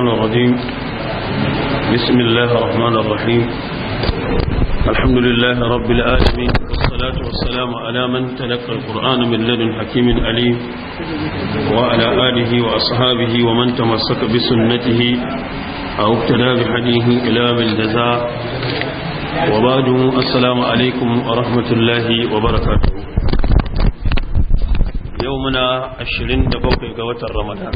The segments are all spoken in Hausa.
الشيطان الرجيم بسم الله الرحمن الرحيم الحمد لله رب العالمين والصلاة والسلام على من تلقى القرآن من لدن حكيم أليم وعلى آله وأصحابه ومن تمسك بسنته أو ابتدى بحديه إلى بالجزاء وبعد السلام عليكم ورحمة الله وبركاته يومنا 27 ga watan Ramadan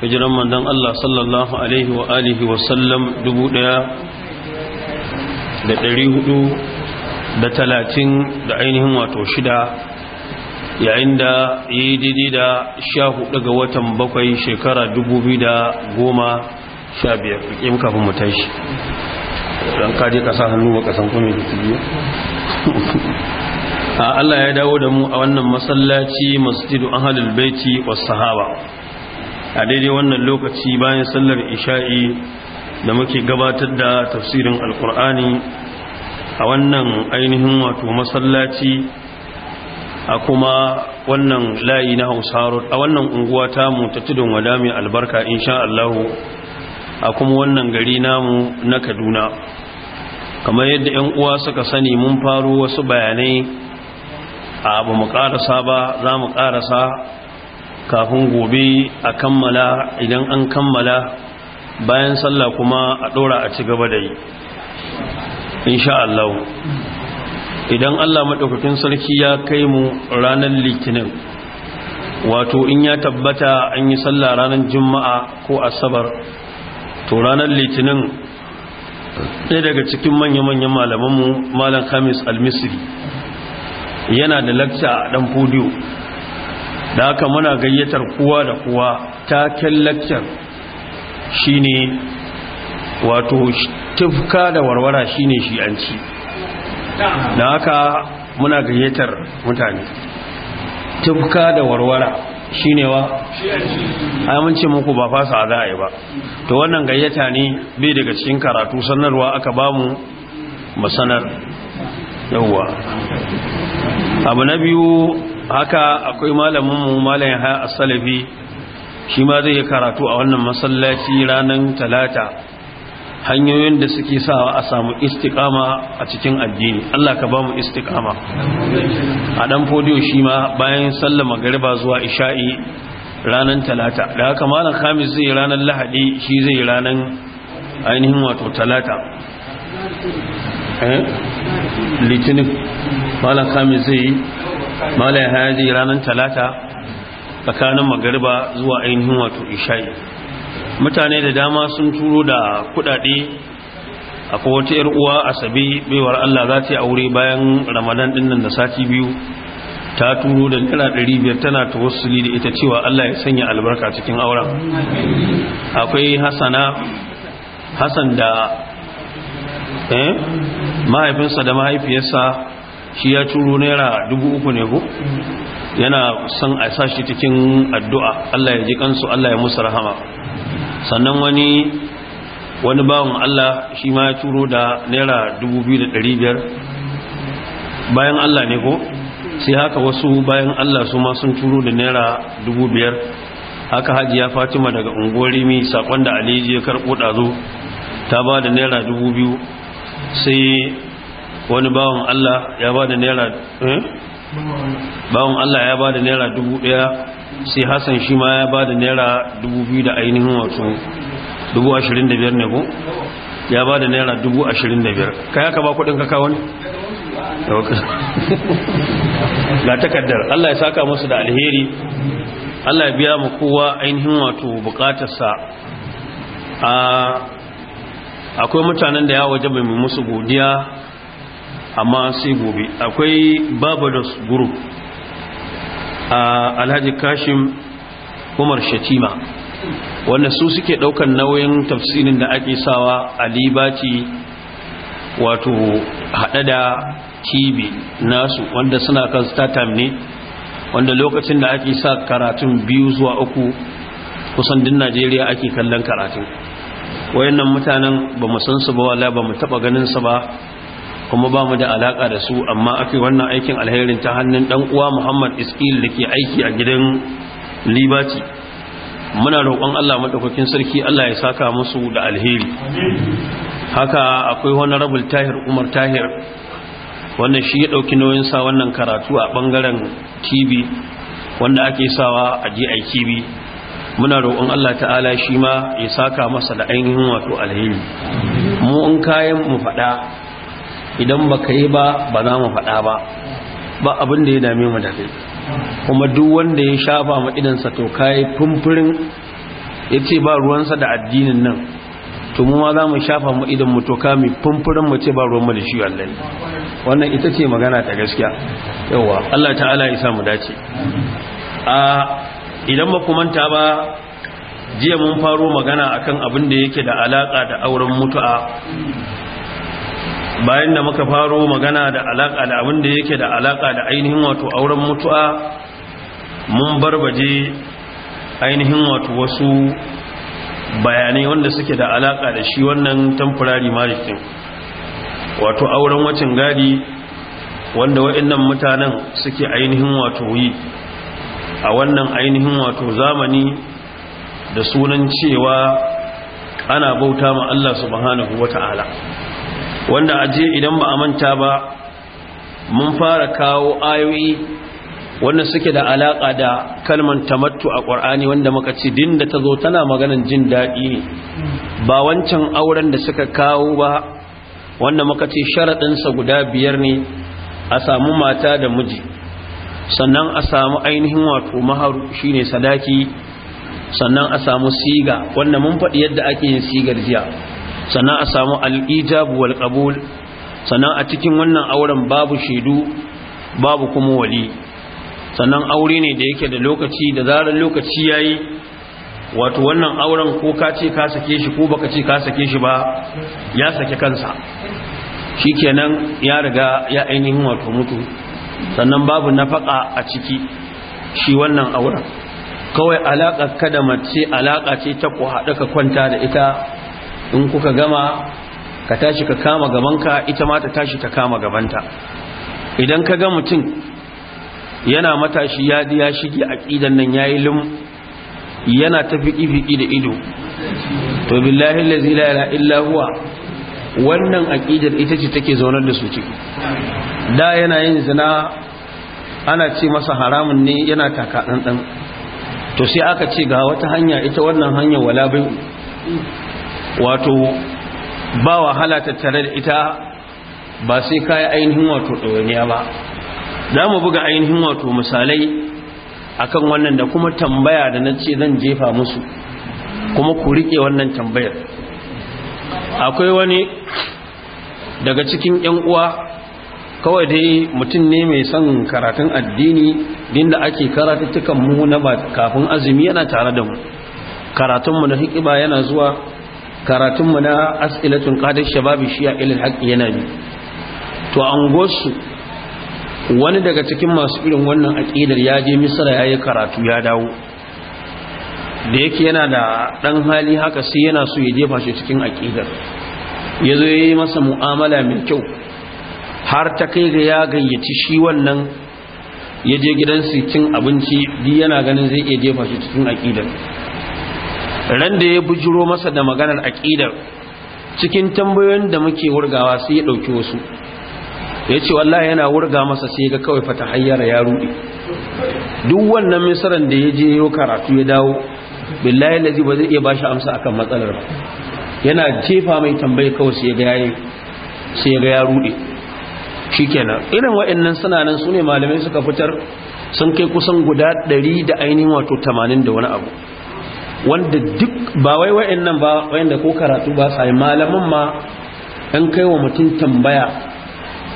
hijiran mandan Allah sallallahu alaihi wa alihi wa sallam dubu daya da dari hudu da talatin da ainihin wato shida yayin da yi didi da sha hudu ga watan bakwai shekara dubu biyu da goma sha biyar ƙim kafin mu shi don kaji kasa hannu ba ƙasan kome da biyu Allah ya dawo da mu a wannan masallaci masjidu ahalul baiti wasu sahaba a daidai wannan lokaci bayan sallar isha'i da muke gabatar da tafsirin alkur'ani a wannan ainihin wato masallaci a kuma wannan layi na hausarot a wannan unguwa tamu ta tudun wada mai albarka sha Allahu a kuma wannan gari namu na kaduna kamar yadda 'yan uwa suka sani mun faro wasu bayanai a abu mu karasa ba za mu karasa kafin gobe a kammala idan an kammala bayan sallah kuma a ɗora a ci gaba da yi insha Allah idan Allah maɗaukakin sarki ya kai mu ranar litinin wato in ya tabbata an yi sallah ranar juma'a ko asabar to ranar litinin ɗaya daga cikin manya-manyan malamanmu malam khamis al-misri yana da lakta a ɗan fudiyo da haka muna gayyatar kuwa da kuwa ta taken shi ne wato tufka da warwara shi shi ne an ci da haka muna gayyatar mutane tufka da warwara shi ne wa ai muku ba fasa za a yi ba to wannan gayyata ne bai daga cikin karatu sanarwa aka bamu mu sanar yauwa abu na biyu haka akwai malaminmu malayin haya a salafi shi ma zai yi karatu a wannan masallaci ranar talata hanyoyin da suke sawa a samu istiqama a cikin addini Allah ka ba mu istiqama a ɗan fodiyo shi ma bayan sallama gariba zuwa isha'i ranar talata da haka malam khamis zai ranar lahadi shi zai ranar ainihin wato talata eh? litinin malam khamis zai mala ya ranar talata tsakanin magariba zuwa ainihin wato isha'i mutane da dama sun turo da kudade akwai wata yar uwa asabe baiwar Allah za ta yi aure bayan ramadan din da sati biyu ta turo da naira biyar tana tawassuli da ita cewa Allah ya sanya albarka cikin auren akwai hasana hasan da eh, mahaifinsa da mahaifiyarsa shi ya turo naira dubu uku ne ko yana son a shi cikin addu'a Allah ya ji kansu Allah ya musu rahama sannan wani wani bawan Allah shi ma ya turo da naira dubu biyu da ɗari biyar bayan Allah ne ko sai haka wasu bayan Allah su ma sun turo da naira dubu biyar haka hajiya fatima daga ungorimi sakon da aliji ya karɓo ɗazo ta ba da naira dubu biyu sai wani bawan Allah ya ba da naira eh? bawan Allah ya ba da naira dubu daya sai Hassan shi ma ya ba da naira dubu biyu da ainihin wato dubu ashirin da biyar ne ko ya ba da naira dubu ashirin da biyar ka ya ka ba kudin kaka wani ga takardar Allah ya saka musu da alheri Allah ya biya mu kowa ainihin wato bukatarsa a ah, akwai mutanen da ya waje mai musu godiya amma sai gobe akwai barbados group a alhaji kashim umar shatima wanda su suke daukan nauyin tafsirin da ake sawa a libaci wato hada da tv nasu wanda suna kan startup ne wanda lokacin da ake sa karatun biyu zuwa uku kusan din najeriya ake kallon karatun wayannan mutanen ba mu san su ba wala ba mu taba ganin su ba kuma ba mu da alaka da su amma aka wannan aikin alherin ta hannun dan uwa Muhammad Iskil da ke aiki a gidan Liberty muna roƙon Allah madaukakin sarki Allah ya saka musu da alheri haka akwai wani rabul tahir Umar tahir wannan shi ya ɗauki nauyin sa wannan karatu a ɓangaren TV wanda ake sawa a GITV muna roƙon Allah ta'ala shi ma ya saka masa da ainihin wato alheri mu in kayan mu faɗa idan ba ka yi ba ba za mu faɗa ba ba abin da ya dame mu da kai kuma duk wanda ya shafa ma idansa to kayi fumfurin ya ce ba ruwansa da addinin nan to mu ma za mu shafa mu idan mu to mai fumfurin mu ce ba mu da shi wallahi wannan ita ce magana ta gaskiya yawa Allah ta'ala ya sa mu dace a idan ba manta ba jiya mun faro magana akan abin da yake da alaka da auren mutu'a bayan da muka faro magana da alaka da abin da yake da alaka da ainihin wato auren mutu'a mun barbaje ainihin wato wasu bayanai wanda suke da alaka da shi wannan temporary marriage wato auren wacin gadi wanda waɗannan mutanen suke ainihin wato yi a wannan ainihin wato zamani da sunan cewa ana bauta ma Allah subhanahu wata'ala wanda a je idan ba a manta ba mun fara kawo ayoyi wanda suke da alaƙa da kalman tamattu a ƙwar'ani wanda muka ce din da ta zo tana maganan jin daɗi ne ba wancan auren da suka kawo ba wanda muka ce sharaɗinsa guda biyar ne a samu mata da miji sannan a samu ainihin wato maharu shine sadaki sannan a samu siga wanda mun faɗi yadda ake yin sigar jiya sannan a samu al'ijab walƙabul sannan a cikin wannan auren babu shaidu babu kuma wali sannan aure ne da yake da lokaci da zarar lokaci ya yi wato wannan auren ko ka ce ka sake shi ko baka ce ka sake shi ba ya sake kansa shikenan ya riga ya ainihin wato mutu sannan babu nafaka a ciki shi wannan auren kawai alaƙa kada mace alaƙa ce ta ku haɗa ka kwanta da ita in kuka gama ka tashi ka kama gabanka ita ma ta tashi ta kama gabanta idan ka ga mutum yana matashi ya ya shige aqidan nan yayi lum yana ta fiki fiki da ido to billahi allazi la ilaha illa huwa wannan aqidar ita ce take zaunar da su ciki da yana yin zina ana ce masa haramun ne yana taka dan dan to sai aka ce ga wata hanya ita wannan hanya wala bai wato ba wahala tattare da ita ba sai kayi ainihin wato ɗawainiya ba za mu buga ainihin wato misalai akan wannan da kuma tambaya da na ce zan jefa musu kuma ku riƙe wannan tambayar akwai wani daga cikin 'yan uwa kawai dai mutum ne mai son karatun addini da ake karatuttukan mu na kafin azumi yana tare da mu karatunmu na hikima yana zuwa karatun karatunmu na as'ilatun qadar shababi shi'a ilal haqqi yana bi to an gosu wani daga cikin masu irin wannan aqidar ya je misra yi karatu ya dawo da yake yana da dan hali haka sai yana so ya jefa shi cikin aqidar yazo yayi masa mu'amala mai kyau har ta kai ga ya gayyaci shi wannan ya je gidansu cin abinci bi yana ganin zai iya jefa shi cikin aqidar ran da ya bujiro masa da maganar aƙidar cikin tambayoyin da muke wurgawa sai ya ɗauki wasu yace ce wallahi yana wurga masa sai ga kawai fata hayyara ya rudi duk wannan misran da ya je yau karatu ya dawo billahi lazi ba zai iya ba shi amsa akan matsalar ba yana jefa mai tambayi kawai sai ga sai ga ya rudi shikenan irin wa'annan suna nan malamai suka fitar sun kai kusan guda ɗari da ainihin wato tamanin da wani abu wanda duk ba wai wa'annan ba wa'anda ko karatu ba sai malamin ma an kai wa mutum tambaya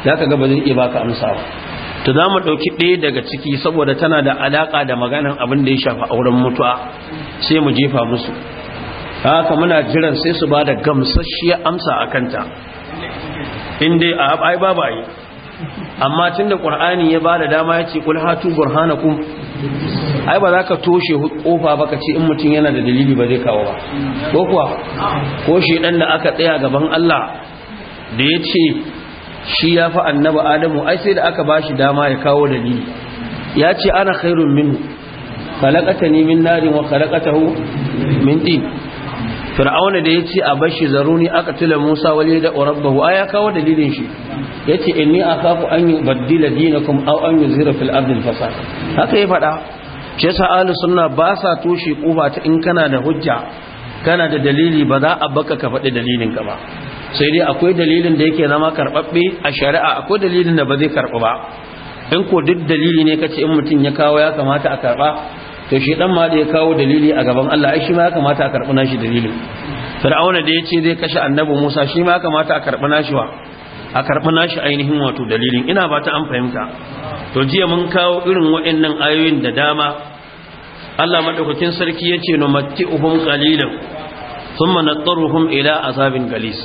ya ka ba zai iya baka amsa ba to za mu ɗauki ɗaya daga ciki saboda tana da alaka da maganan abin da ya shafa auren mutuwa sai mu jefa musu haka muna jiran sai su ba da gamsasshiyar amsa a kanta in dai a ai babu ai amma tunda qur'ani ya bada dama ya ce kul hatu burhanakum ai ba za ka toshe kofa ba ka ce in mutum yana da dalili ba zai kawo ba ko kuwa ko shi dan da aka tsaya gaban Allah da ya ce shi ya fi annaba adamu ai sai da aka ba shi dama ya kawo dalili ya ce ana khairun kalakata ni min narin wa hu? min tin fir'auna da ya ce a bashi zaruni aka tila musa wali da rabbahu a ya kawo dalilin shi yace ce inni akafu an yi dinakum aw an yi fil ardi fasad haka ya faɗa shi yasa ahlus sunna ba sa toshe kufa ta in kana da hujja kana da dalili ba za a baka ka faɗi dalilin ka ba sai dai akwai dalilin da yake zama karɓaɓɓe a shari'a akwai dalilin da ba zai karɓa ba in ko duk dalili ne kace in mutum ya kawo ya kamata a karɓa to shi dan ma da ya kawo dalili a gaban Allah ai shi ma ya kamata a karɓi nashi dalilin fir'auna da yace zai kashe annabi Musa shi ma ya kamata a karɓi nashi wa a karɓi nashi ainihin wato dalilin ina ba ta an fahimta to jiya mun kawo irin waɗannan ayoyin da dama Allah madaukakin sarki yace no uhum qalilan thumma nadtaruhum ila azabin galis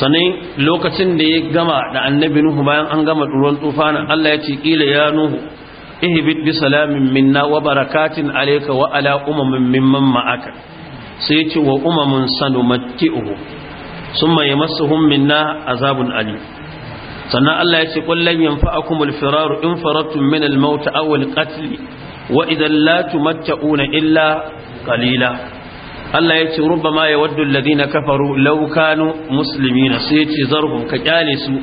sannan lokacin da ya gama da annabi Nuhu bayan an gama duron tufana Allah ya ce kila ya Nuhu ihbit bi salamin minna wa barakatin alayka wa ala umamin mimman ma'aka sai yace wa umamun sanumatti'uhu summa yamassuhum minna azabun Ali? sannan Allah ya ce kullan yanfa'akumul firaru in farattum min al-maut aw al-qatl wa idan la tumatta'una illa qalila Allah ya ce rubbama yawaddu alladhina kafaru law kanu muslimina sai ya ce zarhum ka kyale su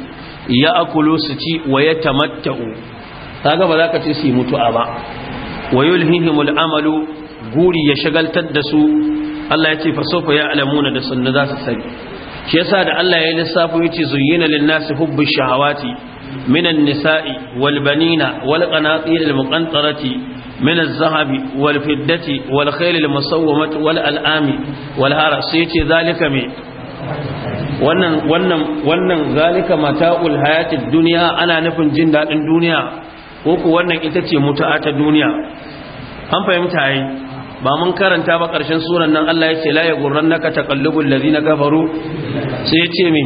ya akulu su ci wa yatamatta'u kaga ba za ka ce su mutu'a ba wa yulhihimul amalu guri ya shagaltar da su Allah ya ce fa sofa ya alamuna da sunna za su sani shi yasa da Allah ya lissafo yace zuyyina lin nasi hubbu shahawati minan nisa'i wal banina wal qanatir al muqantarati من الذهب والفدة والخيل المصومة والألآم والهرس wannan wannan wannan zalika mata'ul hayatid dunya ana nufin jin dadin duniya ko ku wannan ita ce mutu'a ta duniya an fahimta yi ba mun karanta ba ƙarshen suran nan Allah ya ce la yaghurrannaka taqallubul na kafaru sai ya ce me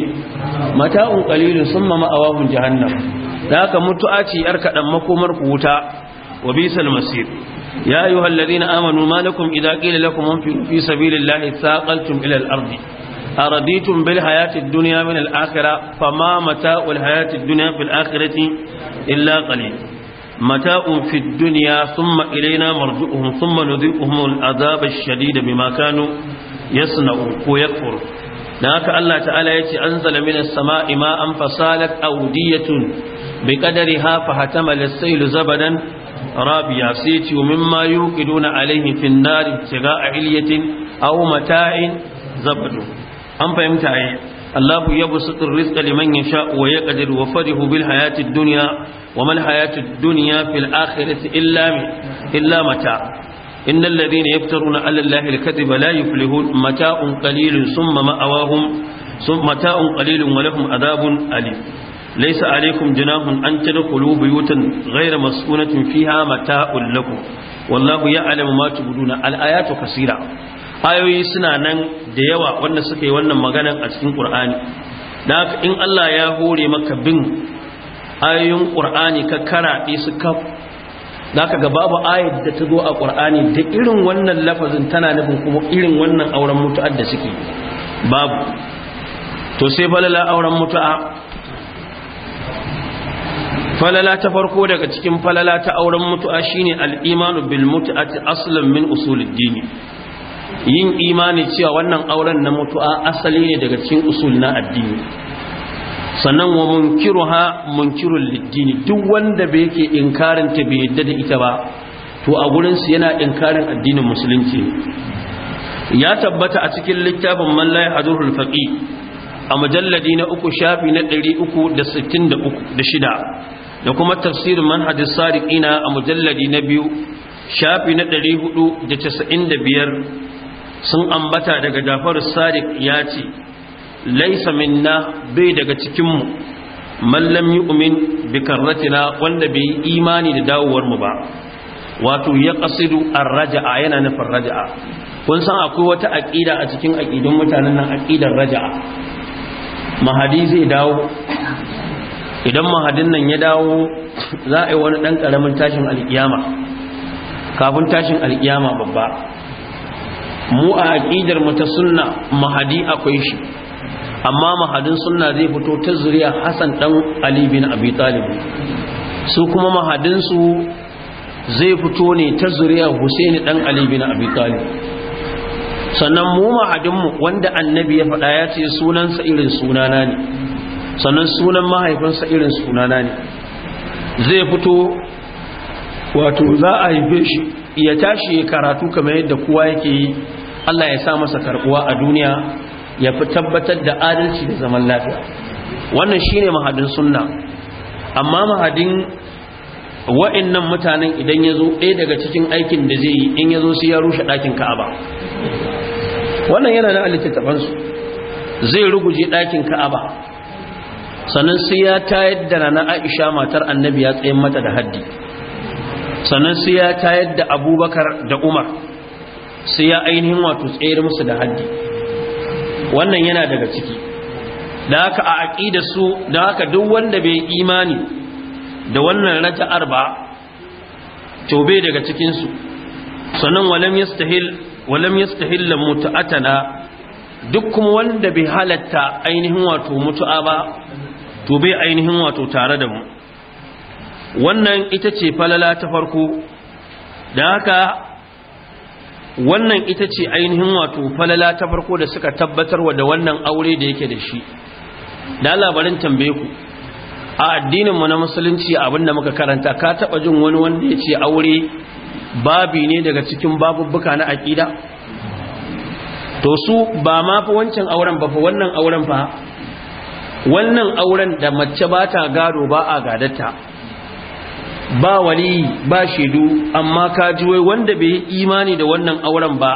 mata'un qalilun summa ma'awahum jahannam da haka mutu'a ce yar kadan makomar ku wuta wa bisal masir ya ayyuhal ladina amanu ma lakum idza qila lakum fi ilal arzi ila al-ardi أرديتم بالحياة الدنيا من الآخرة فما متاء الحياة الدنيا في الآخرة illa قليل mata'un fi dunya thumma ilaina marji'uhum thumma nudhi'uhum al'azab ash-shadid bima kanu yasna'u ko yakfur dan haka Allah ta'ala yace anzala minas sama'i ma'an fasalat awdiyatun biqadariha fahatama as-sayl zabadan rabiya sai ce wa mimma yuqiduna alaihi fi an-nar tiga'a ilyatin aw mata'in zabadu an fahimta ai الله يبسط الرزق لمن يشاء ويقدر وفرح بالحياة الدنيا وما الحياة الدنيا في الآخرة إلا, إلا متاع إن الذين يفترون على الله الكذب لا يفلحون متاع قليل ثم مأواهم ثم متاع قليل ولهم عذاب أليم ليس عليكم جناح أن تدخلوا بيوتا غير مسكونة فيها متاع لكم والله يعلم ما تبدون الآيات كثيرة ayoyi suna nan da yawa wanda suka yi wannan maganan a cikin ƙur'ani da haka in Allah ya hore maka bin ayoyin ƙur'ani ka karaɗe su kaf da haka ga babu ayat da ta zo a ƙur'ani da irin wannan lafazin tana nufin kuma irin wannan auren mutu'a da suke babu to sai falala auren mutu'a falala ta farko daga cikin falala ta auren mutu'a shine al-imanu bil mutu'ati aslan min usulid dini yin imani cewa wannan auren na mutu'a asali ne daga cikin usul na addini sannan wa ha munkiru liddini duk wanda bai ke inkarin ta bai yadda da ita ba to a gurin yana inkarin addinin musulunci ya tabbata a cikin littafin man la yahdurul a mujalladi na uku shafi na 366 da shida da kuma tafsirin manhajis sariqina a mujalladi na biyu shafi na 495 sun ambata daga Jafar Sadiq ya ce laisa minna bai daga cikinmu mallam yi lam yu'min bi wanda bai yi imani da dawowarmu ba wato ya kasidu ar-raja'a yana nufin raja'a kun san akwai wata aqida a cikin aqidun mutanen nan aqidar raja'a mahadi zai dawo idan mahadin nan ya dawo za a yi wani ɗan karamin tashin alkiyama kafin tashin alkiyama babba mu a aqidar mu ta sunna mahadi akwai shi amma mahadin sunna zai fito ta zuriya Hassan dan Ali bin Abi Talib su kuma mahadin su zai fito ne ta zuriya Husaini dan Ali bin Abi Talib sannan mu mahadin mu wanda annabi ya faɗa ya ce sunansa irin sunana ne sannan sunan mahaifinsa irin sunana ne zai fito wato za a haife shi ya tashi karatu kamar yadda kowa yake yi Allah ya sa masa karbuwa a duniya ya fi tabbatar da adalci da zaman lafiya wannan shine mahadin sunna amma mahadin wa'annan mutanen idan ya zo daga cikin aikin da zai yi in yazo zo sai ya rushe ɗakin ka'aba wannan yana na littattafansu zai ruguje ɗakin ka'aba sannan sai ya tayar da nana aisha matar annabi ya tsayin mata da haddi sannan sai ya tayar da abubakar da umar sai ya ainihin wato tsayar musu da haddi wannan yana daga ciki da haka a aƙida su da haka duk wanda bai imani da wannan raja'ar ba to bai daga cikinsu sannan walam yastahil walam yastahil muta'atana duk kuma wanda bai halatta ainihin wato mutu'a ba to bai ainihin wato tare da mu wannan ita ce falala ta farko da haka wannan ita ce ainihin wato falala ta farko da suka tabbatarwa da wannan aure da yake da shi da labarin tambaye ku a addininmu na musulunci abinda muka karanta ka taba jin wani wanda ya ce aure babi ne daga cikin babubbuka na aƙida to su ba ma fa wancan auren ba fa wannan auren fa wannan auren da mace ba ta gado ba a gadata ba wali ba shaidu amma ka ji wanda bai imani da wannan auren ba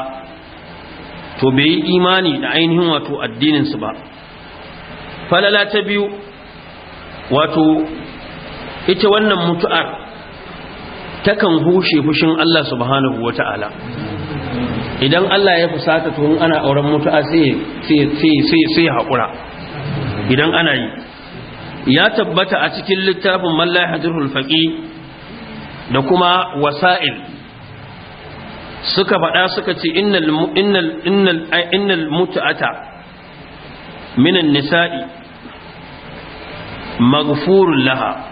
to bai imani da ainihin wato addininsu ba falala ta biyu wato ita wannan mutu'ar takan hushe fushin Allah subhanahu wa ta'ala idan Allah ya fusata tun ana auren mutu'a sai ya haƙura idan ana yi ya tabbata a cikin littafin mallai hajjirul faƙi da kuma wasa'il suka faɗa suka ce innal mutu'ata minan nisa'i maghfurun laha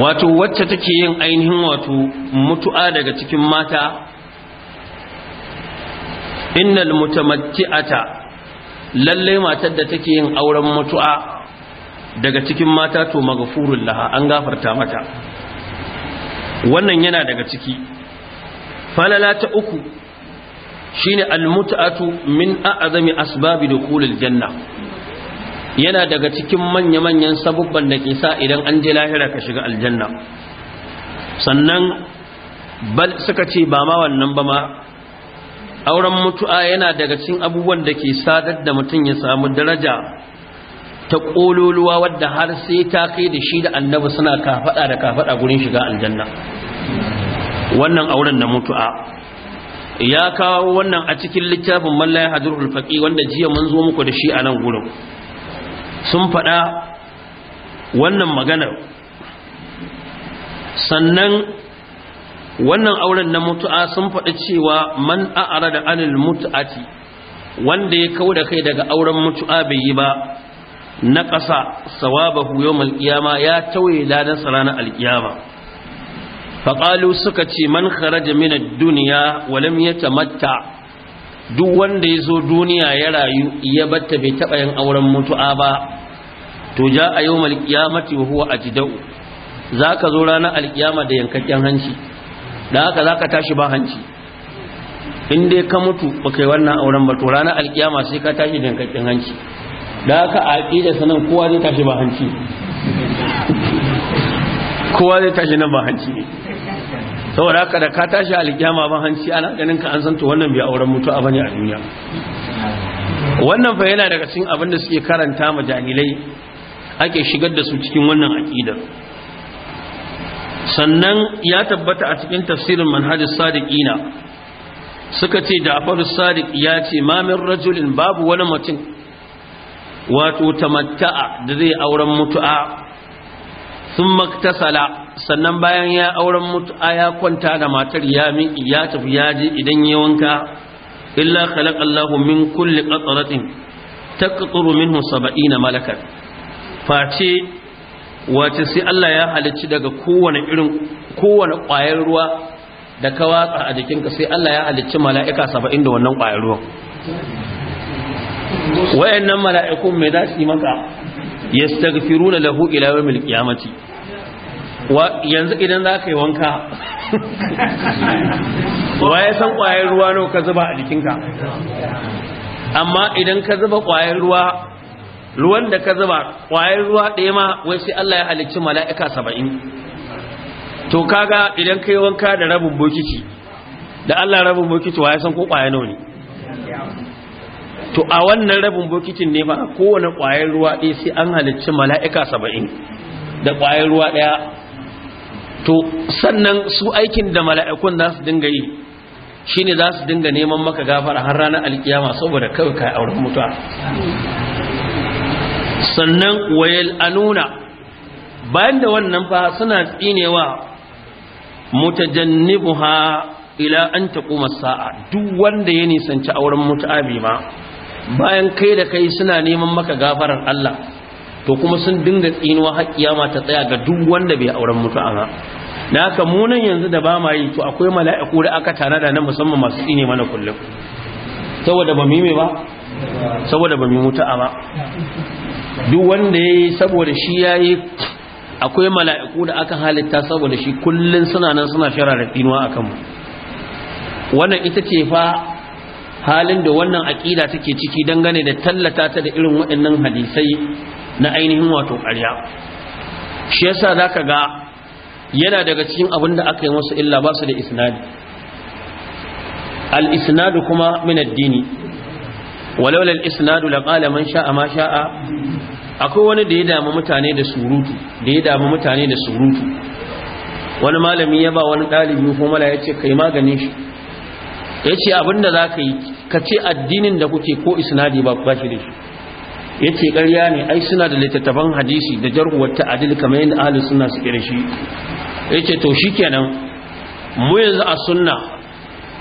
wato wacce take yin ainihin wato mutu'a daga cikin mata innal mutamatti'ata lallai matar da take yin auren mutu'a daga cikin mata to maghfurul laha an gafarta mata wannan yana daga ciki falala ta uku shine almut'atu min a'zami asbabi dukhulil janna yana daga cikin manya-manyan sabubban da ke sa idan an je lahira ka shiga aljanna sannan bal suka ce ba ma wannan ba ma auren mutu'a yana daga cikin abubuwan da ke sadar da mutum ya samu daraja ta ƙololuwa wadda har sai ta kai da shi da annabi suna kafaɗa da kafaɗa gurin shiga aljanna wannan auren na mutu'a ya kawo wannan a cikin littafin mallaya hajjurul faƙi wanda jiya mun zo muku da shi a nan gurin sun faɗa wannan magana. sannan wannan auren na mutu'a sun faɗi cewa man a'ara da anil mutu'ati wanda ya kawo da kai daga auren mutu'a bai yi ba na ƙasa sawabahu yau malƙiyama ya tauye ladan ranar alƙiyama. Faƙalu suka ce man kharaja min duniya walam ya lam duk wanda ya zo duniya ya rayu ya batta bai taɓa yin auren mutu'a ba to ja a yawmal qiyamati wa huwa za ka zo ranar alƙiyama da yankakken hanci Da haka za ka tashi ba hanci in dai ka mutu ba kai wannan auren ba to ranar alƙiyama sai ka tashi da yankakken hanci da haka a aƙida sanan kowa zai tashi ba hanci kowa zai tashi nan ba hanci ne saboda haka da ka tashi alƙiyama ba hanci ana ganin ka an san wannan bai auren mutu a bane a duniya wannan fa yana daga cikin abin da suke karanta ma jahilai ake shigar da su cikin wannan aƙidar sannan ya tabbata a cikin tafsirin manhajar sadiqina suka ce da afar sadiq ya ce mamin rajulin babu wani mutum wato tamatta'a da zai auren mutu'a sun maktasala sannan bayan ya auren mutu'a ya kwanta da matar ya miƙi ya tafi ya je idan ya wanka illa khalaqallahu min kulli qatratin taqturu minhu 70 malakan face wace sai Allah ya halicci daga kowane irin kowane ƙwayar ruwa da ka watsa a jikinka sai Allah ya halicci mala'ika 70 da wannan ƙwayar ruwan wayannan mala'ikun me za su yi maka yastaghfiruna lahu ila yawmil qiyamati wa yanzu idan za yi wanka wa ya san kwayar ruwa nawa ka zuba a jikinka amma idan ka zuba kwayar ruwa ruwan da ka zuba kwayar ruwa ɗaya ma wai sai Allah ya halicci mala'ika saba'in to kaga idan kai wanka da rabin bokiti da Allah rabin bokiti wa ya san ko kwaya nawa ne to a wannan rabin bokitin ne ba kowane ƙwayar ruwa ɗaya sai an halicci mala'ika saba'in da ƙwayar ruwa ɗaya to sannan su aikin da mala'ikun za su dinga yi shi ne za su dinga neman maka gafara har ranar alkiyama saboda kawai kai auren mutuwa sannan wayal anuna bayan da wannan fa suna tsinewa mutajannibuha ila an kuma sa'a duk wanda ya nisanci auren bi ma bayan kai da kai suna neman maka gafarar Allah to kuma sun dinga tsinuwa har kiyama ta tsaya ga duk wanda bai auren mutu'a ba Na haka mu nan yanzu da ba ma yi to akwai mala'iku da aka tanada na musamman masu tsine mana kullum saboda ba mu yi ba saboda ba mu mutu'a ba duk wanda yayi saboda shi yayi akwai mala'iku da aka halitta saboda shi kullun suna nan suna shara da tsinuwa akan mu wannan ita ce fa halin da wannan aƙida take ciki dangane da tallata ta da irin waɗannan hadisai na ainihin wato ƙarya shi yasa za ka ga yana daga cikin abin da aka yi masu illa ba su da isnadi al-isnadu kuma min addini walau lal isnadu la qala man sha'a ma sha'a akwai wani da ya damu mutane da surutu da ya damu mutane da surutu wani malami ya ba wani ɗalibi ko mala ya ce kai maganin shi yace abinda abin yi ka ce addinin da kuke ko isnadi ba ba shi da shi yace ƙarya ne ai suna da littattafan hadisi da jarhuwar ta'adil kamar yadda ahli sunna suke da shi yace to shi kenan mu yanzu a sunna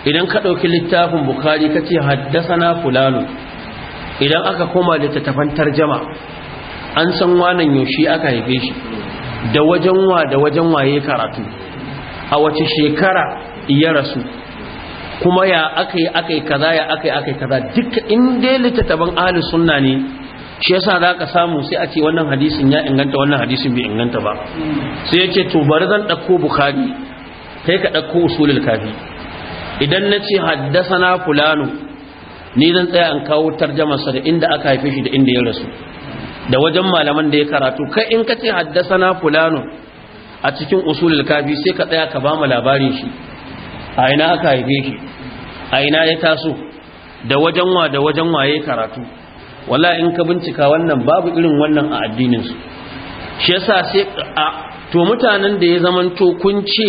idan ka ɗauki littafin bukhari kace na fulanu idan aka koma littattafan tarjama an san wannan yoshi aka haife shi da wajen wa da wajen waye karatu a wace shekara ya rasu kuma ya aka yi aka yi kaza ya aka yi aka yi kaza duka in dai littattafan ahli sunna ne shi yasa za ka samu sai a ce wannan hadisin ya inganta wannan hadisin bai inganta ba sai ya ce to bari zan ɗauko bukhari kai ka ɗauko usulul kafi idan na ce haddasa na fulano ni zan tsaya in kawo sa da inda aka haife shi da inda ya rasu da wajen malaman da ya karatu kai in ka ce haddasa na fulano a cikin usulul kafi sai ka tsaya ka ba mu labarin shi a ina aka haife shi a ina ya taso da wajen wa da wajen waye karatu wala in ka bincika wannan babu irin wannan a addinin su shi yasa sai a to mutanen da ya to kun ce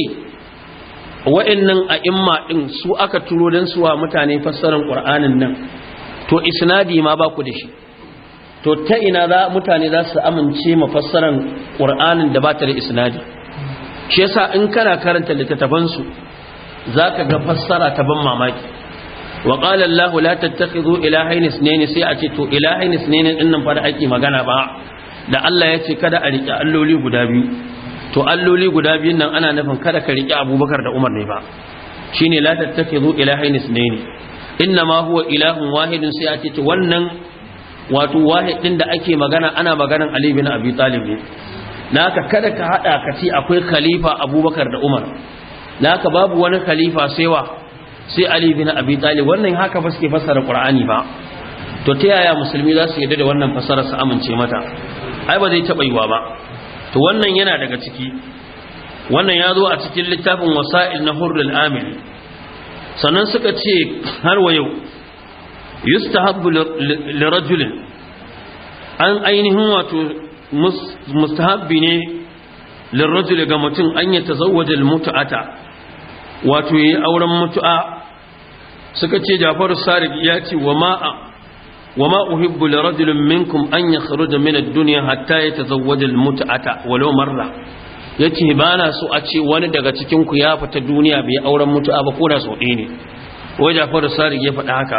wa'annan imma din su aka turo dan suwa mutane fassarar Qur'anin nan to isnadi ma ba ku da shi to ta ina za mutane za su amince ma fassarar Qur'anin da ba ta da isnadi shi yasa in kana karanta littattafansu? zaka ga fassara ta ban mamaki wa qala allah la tattakhidhu ilahayn isnayn sai a ce to ilahayn isnayn din nan fa da ake magana ba da Allah ya ce kada a riƙe alloli guda biyu to alloli guda biyun nan ana nufin kada ka riƙe abubakar da umar ne ba shine la tattakhidhu ilahayn isnayn inna ma huwa ilahun wahidun sai a ce to wannan wato wahid din da ake magana ana maganan ali bin abi talib ne naka kada ka hada ka ce akwai khalifa abubakar da umar da haka babu wani khalifa sai wa sai ali bin abi talib wannan haka ba suke fassara qur'ani ba to ta yaya musulmi za su yarda da wannan fassara su amince mata ai ba zai taba yiwa ba to wannan yana daga ciki wannan ya zo a cikin littafin wasa'il na hurrul amil sannan suka ce har wa yau yustahabbu lirajulin an ainihin wato mustahabbi ne lirrajul daga mutum an ya tazawwaja almut'ata wato yayi auren mutu'a suka ce Jafaru Sadiq ya ce wa ma wa ma uhibbu lirajulin minkum an yakhruja min ad-dunya hatta yatazawwaja almut'ata walau marra yace ba na so a ce wani daga cikin ku ya fita duniya bai auren mutu'a ba ko da so ne Ko Jafaru Sadiq ya faɗa haka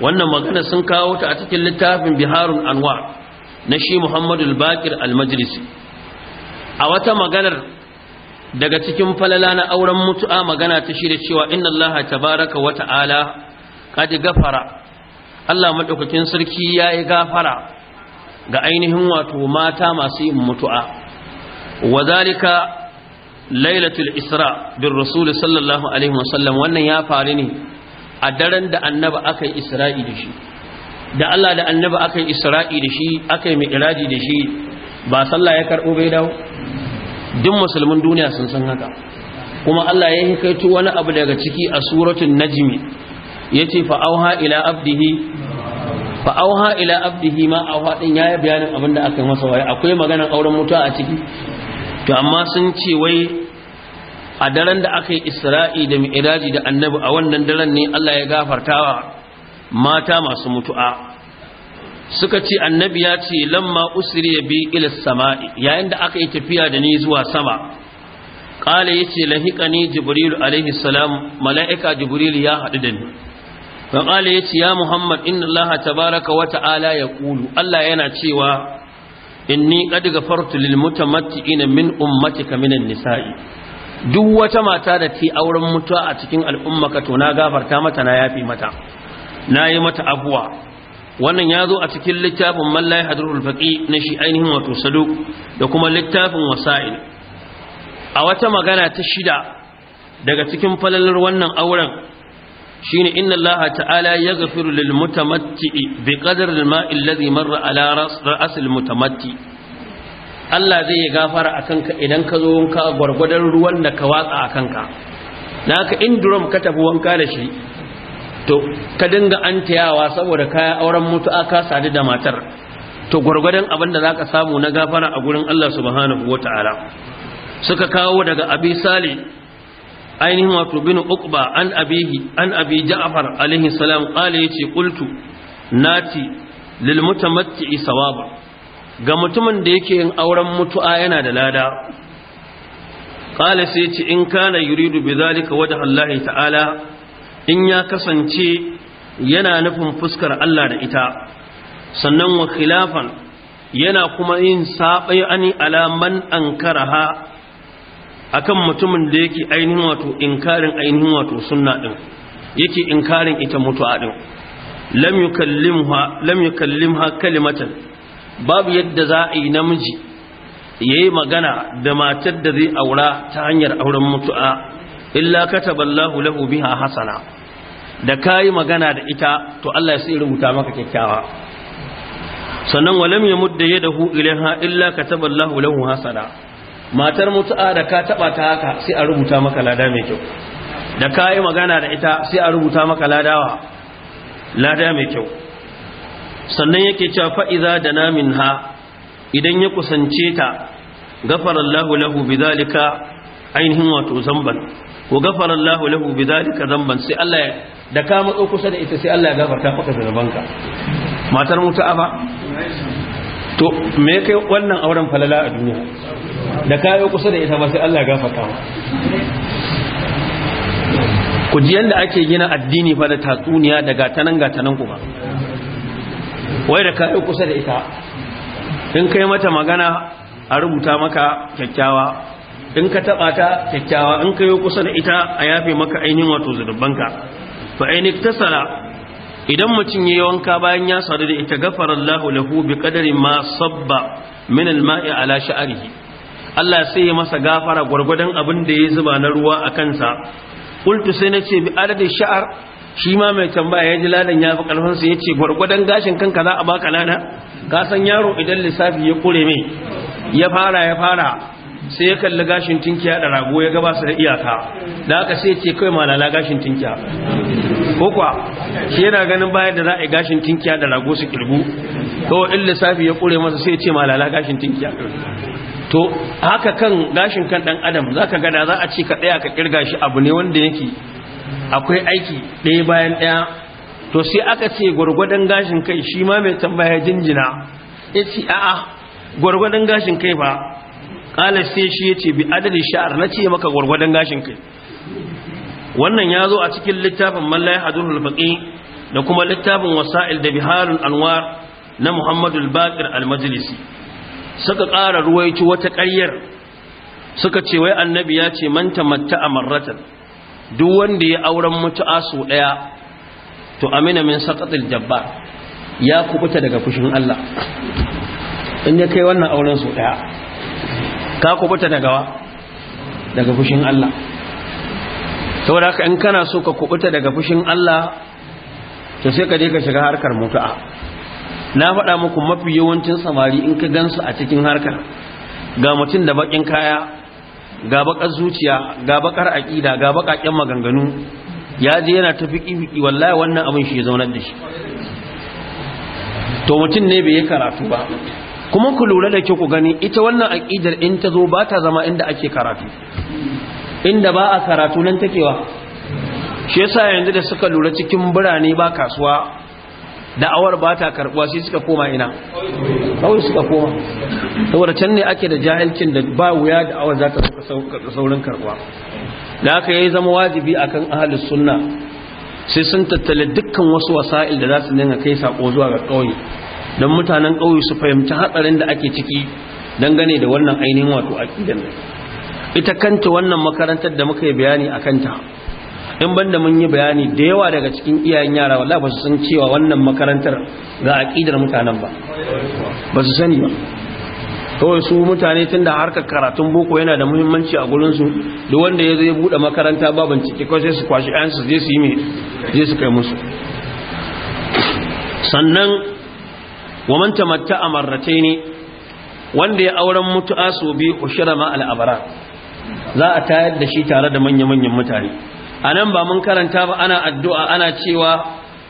wannan magana sun kawo ta a cikin littafin Biharun Anwar na shi Muhammadu Bakir al a wata maganar daga cikin falala na auren mutu'a magana ta shi da cewa inna allaha tabaraka wa ta'ala qad gafara Allah madaukakin sarki yayi gafara ga ainihin wato mata masu yin mutu'a wa zalika lailatul isra bin rasul sallallahu alaihi wasallam wannan ya faru ne a daren da annaba aka yi isra'i da shi da Allah da annaba aka yi isra'i da shi aka yi mi'raji da shi ba sallah ya karbo bai dawo duk musulmin duniya sun san haka kuma Allah ya yi kaito wani abu daga ciki a suratun najmi yace ce auha ila abdihi auha ila abdihi ma auha din ya yi bayanin abin da aka yi masa waye akwai maganar auren mutuwa a ciki to amma sun ce wai a daren da aka yi isra'i da mi'iraji da annabi a wannan daren ne Allah ya gafartawa mata masu mutu'a suka ce annabi ya ce lamma usri bi ila sama'i yayin da aka yi tafiya da ni zuwa sama qala yace lahiqani jibril alaihi salam mala'ika jibril ya hadu da ni fa qala yace ya muhammad inna allah tabaaraka wa ta'ala yaqulu allah yana cewa inni qad ghafartu lil mutamatti'ina min ummatika minan nisa'i duk wata mata da ta auren mutuwa a cikin al'ummaka to na gafarta mata na yafi mata na yi mata abuwa wannan ya zo a cikin littafin Mallaye hadrul faqi na shi ainihin wato saduq da kuma littafin wasa'il a wata magana ta shida daga cikin falalar wannan auren shine inna Allah ta'ala yaghfiru lil mutamatti bi qadri al ma'i alladhi marra ala ra's al mutamatti Allah zai ya gafara akan ka idan ka zo wanka gwargwadon ruwan da ka watsa akan ka naka in drum ka tafi wanka da shi to ka dinga antayawa saboda kaya auren mutu'a ka sadu da matar to gwargwadon abin da zaka samu na gafara a gurin Allah subhanahu wata'ala suka kawo daga abi sali ainihin wato bin uqba an abihi an abi ja'far alaihi salam qala yace qultu nati lil mutamatti sawaba ga mutumin da yake yin auren mutu'a yana da lada qala sai yace in kana yuridu zalika wajha Allah ta'ala in ya kasance yana nufin fuskar Allah da ita sannan wa khilafan yana kuma yin ani alaman an karaha akan mutumin da yake ainihin wato inkarin ainihin wato sunna din yake inkarin ita mutu'a din lam yukallimha lam yukallimha kalimatan babu yadda za a yi namiji yayi magana da matar da zai aura ta hanyar auren mutu'a illa kataballahu lahu biha hasana da kayi magana da ita to Allah ya sai rubuta maka kyakkyawa sannan walam dahu yadahu ha, illa kataba Allahu lahu hasana matar mutu'a da ka taba ta haka sai a rubuta maka lada mai kyau da yi magana da ita sai a rubuta maka ladawa lada mai kyau sannan yake cewa fa da dana ha, idan ya kusance ta gafarallahu Allahu lahu bidhalika ainihin wato zamban wa gafara Allah lahu bidhalika dhanban sai Allah da ka matso kusa da ita sai Allah ya gafarta maka zunubanka matar mu ta aba to me kai wannan auren falala a duniya da ka yi kusa da ita ba sai Allah ya gafarta maka ku ji yanda ake gina addini fa da tatsuniya da gatanan gatanan ku ba wai da ka yi kusa da ita in kai mata magana a rubuta maka kyakkyawa in ka taba ta kyakkyawa in ka yi kusa da ita a yafe maka ainihin wato zunubanka fa ta tasala idan mutum yayi wanka bayan ya sadu da ita gafara Allahu lahu bi qadari ma sabba min al ala sha'rihi Allah sai ya masa gafara gwargwadon abin da ya zuba na ruwa a kansa qultu sai nace bi adadi sha'ar shi ma mai tambaya ya ji ladan ya fi karfin sa ce, gwargwadon gashin kanka za a baka lana ka san yaro idan lissafi ya kure mai ya fara ya fara sai ya kalli gashin tinkiya da rago ya gaba su da iyaka da aka sai ce kai malala gashin tinkiya ko kwa shi yana ganin bayan da za a yi gashin tinkiya da rago su kirgu kawai in lissafi ya kure masa sai ya ce malala gashin tinkiya to haka kan gashin kan dan adam zaka gada za a ce ka tsaya ka kirga shi abu ne wanda yake akwai aiki ɗaya bayan ɗaya to sai aka ce gwargwadon gashin kai shi ma mai tambaya jinjina ya ce a'a gwargwadon gashin kai ba kala sai shi ya ce bi adadi sha'ar na ce maka gwargwadon gashin kai wannan ya zo a cikin littafin mallaya hadurul faƙi da kuma littafin wasa'il da biharun anwar na muhammadu al-bakir al-majlisi suka ƙara ruwaici wata ƙaryar suka ce wai annabi ya ce manta tamatta a duk wanda ya auren mutu'a su ɗaya to amina min saqatil jabbar ya kubuta daga fushin Allah in ya kai wannan auren su ɗaya ka kubuta daga wa daga fushin Allah saboda haka in kana so ka kubuta daga fushin Allah to sai ka je ka shiga harkar mutu'a na faɗa muku mafi yawancin samari in ka gansu a cikin harkar ga mutum da bakin kaya ga baƙar zuciya ga baƙar aƙida, ga bakakken maganganu ya je yana ta fiki wallahi wannan abin shi ya zaunar da shi to mutum ne bai yi karatu ba kuma ku lura da kyau ku gani ita wannan aƙidar in ta zo ba ta zama inda ake karatu inda ba a karatu nan takewa shi yasa yanzu da suka lura cikin birane ba kasuwa da'awar ba ta karbuwa sai suka koma ina kawai suka koma saboda can ne ake da jahilcin da ba wuya da da'awar za ta saurin karbuwa da aka yi zama wajibi akan ahalus sunna sai sun tattale dukkan wasu wasa'il da za su dinga kai sako zuwa ga ƙauye don mutanen ƙauye su fahimci hatsarin da ake ciki dangane da wannan ainihin wato aƙidan ita kanta wannan makarantar da muka yi bayani a kanta in banda mun yi bayani da yawa daga cikin iyayen yara wallahi ba su san cewa wannan makarantar ga aƙidar mutanen ba ba su sani ba kawai su mutane tun da harkar karatun boko yana da muhimmanci a gurinsu da wanda ya zai buɗe makaranta ba bincike kawai sai su kwashi ayansu zai su yi mai zai su kai musu sannan wa man tamatta'a marrataini wanda ya auren mutu'a su bi ushira ma al'abara za a tayar da shi tare da manya-manyan mutane anan ba mun karanta ba ana addu'a ana cewa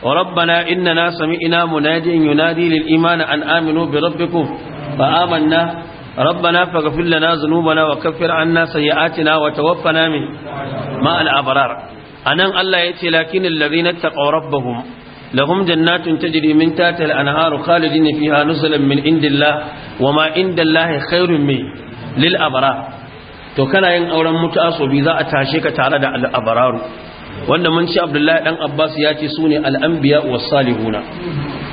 rabbana innana sami'na munadiyan yunadi lil imani an aminu bi rabbikum fa amanna rabbana faghfir lana dhunubana wa kaffir anna sayyi'atina wa tawaffana min ma al abrar anan Allah yace lakinil ladina taqaw rabbahum lahum jannatun tajri min tahtiha al-anharu khalidina fiha nuzulan min indillah wama indallahi khairun min lil abara to kana yin auren mutu'a so za a tashe ka tare da al'abararu? abararu wanda mun ci Abdullahi dan Abbas ya ce sune al-anbiya was-salihuna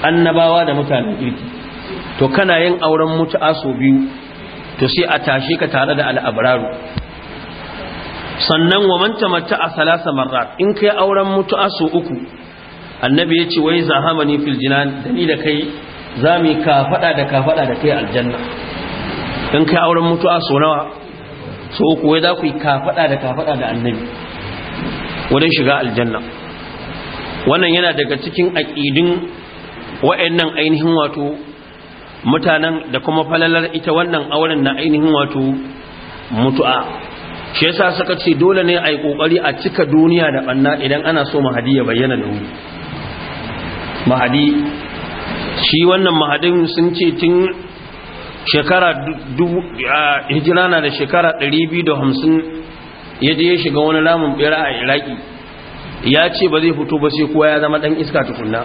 annabawa da mutanen kirki to kana yin auren mutu'a so biyu to sai a tashe ka tare da al'abararu. sannan wa man tamatta a salasa marrat in kai auren mutu'a uku annabi ya ce wai za zahamani fil jinan da ni da kai za mu yi kafaɗa da kafaɗa da kai aljanna in kai auren mutuwa so nawa so kuwa za ku yi kafaɗa da kafaɗa da annabi wajen shiga aljanna wannan yana daga cikin aƙidin wa'annan ainihin wato mutanen da kuma falalar ita wannan auren na ainihin wato mutu'a shi yasa suka ce dole ne a yi ƙoƙari a cika duniya da ɓanna idan ana so mahadi ya bayyana da wuri mahadi shi wannan mahadin sun ce tun shekara hijira na da shekara biyu 250 ya je ya shiga wani lamun bera a iraki ya ce ba zai fito ba sai kowa ya zama dan iska tukunna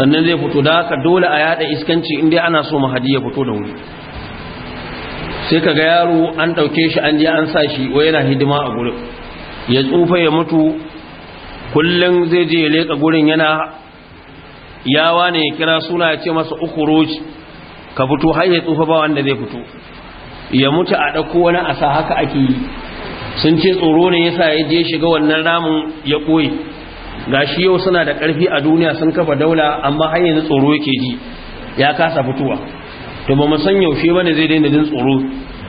sannan zai fito da haka dole a yada iskanci inda ana so mahadi ya fito da wuri sai kaga yaro an ɗauke shi an je an sa shi wai yana hidima a gurin ya tsufa ya mutu kullum zai je ya leka gurin yana yawa ne ya kira suna ya ce masa roci ka fito har ya tsufa ba wanda zai fito ya mutu a ɗauko wani asa haka ake yi sun ce tsoro ne ya sa ya je shiga wannan ramin ya ɓoye. Ga shi yau suna da ƙarfi a duniya sun kafa daula amma har yanzu tsoro yake ji ya kasa fitowa to ba mu san yaushe ba ne zai daina jin tsoro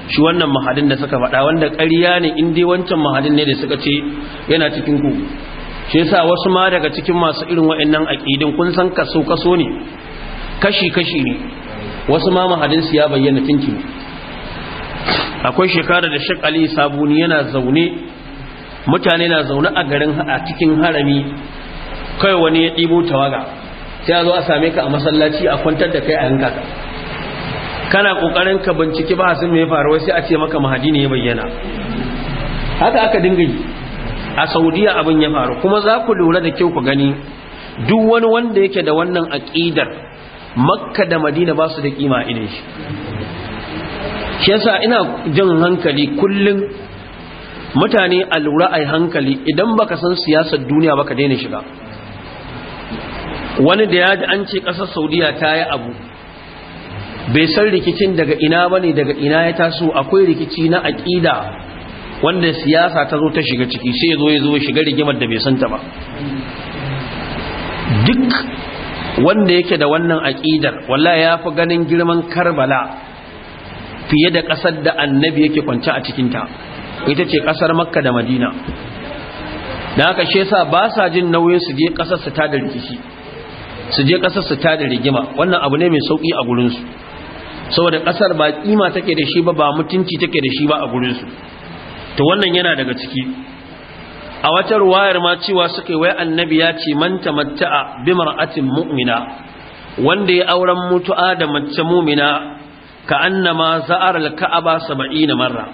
shi wannan mahadin da suka faɗa wanda ƙarya ne in dai wancan mahadin ne da suka ce yana cikin ku shi yasa wasu ma daga cikin masu irin wa'annan aqidin kun san kaso kaso ne kashi kashi ne wasu ma mahadin ya bayyana tinki akwai shekara da Sheikh Ali Sabuni yana zaune mutane na zaune a garin a cikin harami kai wani ya dibo tawaga sai a zo a same ka a masallaci a kwantar da kai a yanka ka kana kokarin ka bincike ba sun me faruwa sai a ce maka mahadi ne ya bayyana haka aka dinga yi a saudiya abin ya faru kuma za ku lura da kyau ku gani duk wani wanda yake da wannan aƙidar makka da madina ba su da kima idan shi shi yasa ina jin hankali kullum mutane a lura a hankali idan baka san siyasar duniya baka daina shiga wani da ya ji an ce ƙasar saudiya ta yi abu bai san rikicin daga ina ba ne daga ina ya taso akwai rikici na aƙida wanda siyasa ta zo ta shiga ciki sai zo ya zo shiga rigimar da bai santa ba duk wanda yake da wannan aƙidar wallahi ya fi ganin girman karbala fiye da ƙasar da annabi yake kwanci a cikinta ita ce kasar makka da madina da haka shi yasa ba sa jin nauyin su je ƙasar su ta rikici su je kasar su ta rigima wannan abu ne mai sauki a gurinsu saboda ƙasar ba ƙima take da shi ba ba mutunci take da shi ba a gurinsu to wannan yana daga ciki a wata ruwayar ma cewa suka wai annabi ya ce man tamatta'a bi mar'atin mu'mina wanda ya auren mutu'a da mace mu'mina ka annama za'ar al-ka'aba 70 marra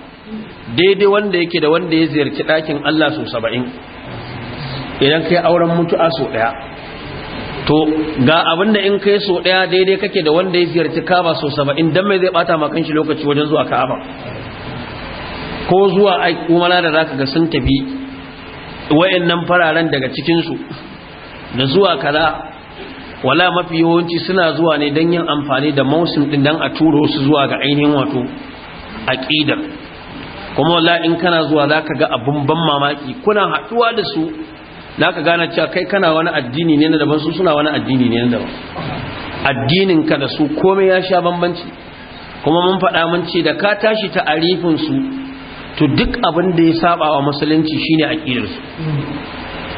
daidai wanda yake da wanda ya ziyarci ɗakin Allah su 70 idan kai auren mutu'a so daya to ga abin da in kai so daya daidai kake da wanda ya ziyarci kaba so saba'in don mai zai bata makan shi lokaci wajen zuwa kaba ko zuwa umara da zaka ga sun tafi wa'in nan fararen daga cikinsu, da zuwa kaza wala mafi yawanci suna zuwa ne don yin amfani da mausim ɗin don a turo su zuwa ga ainihin wato ƙidar. kuma wala in kana zuwa za ka ga abin ban mamaki kuna haɗuwa da su ka gane cewa kai kana wani addini ne na daban su suna wani addini ne na daban addinin ka da su komai ya sha bambanci kuma mun faɗa mun ce da ka tashi ta arifin su to duk abin da ya saba wa musulunci shine aqidar su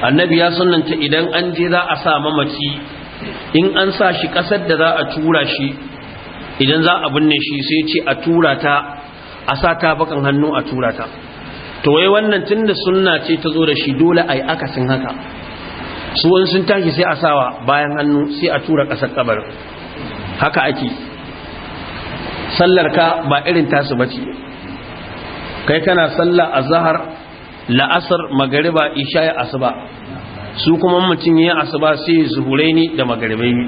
annabi ya sunnanta idan an je za a sa mamaci in an sa shi kasar da za a tura shi idan za a binne shi sai ce a tura ta a sa ta bakan hannu a tura ta to wai wannan tunda sunna ce ta zo da shi dole ai akasin haka su wani sun tashi sai a sawa bayan hannu sai a tura kasar kabarin haka ake sallar ka ba irin tasu bace kai kana sallah azhar la'asar magariba isha ya asuba su kuma mutum ya asuba sai zuhurai ne da magribai ne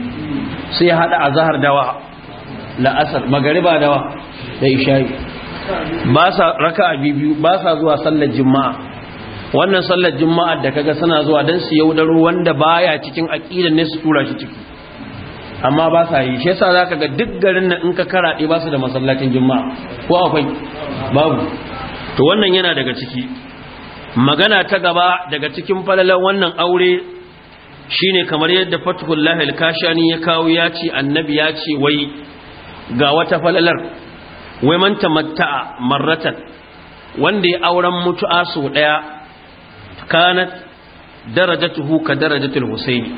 sai hada azhar dawa la'asar magariba dawa da isha ba sa raka'a biyu ba sa zuwa sallar juma'a wannan sallar juma'a da kaga suna zuwa dan su yaudaro wanda baya cikin aqidar ne su tura shi ciki amma ba sa yi shi yasa zaka ga duk garin nan in ka karaɗe ba su da masallacin juma'a ko akwai babu to wannan yana daga ciki magana ta gaba daga cikin falalar wannan aure shine kamar yadda fatuhullahi al-kashani ya kawo ya ce annabi ya ce wai ga wata falalar wai man matta'a marratan wanda ya auren mutu'a so daya kanat darajatuhu ka darajatul husaini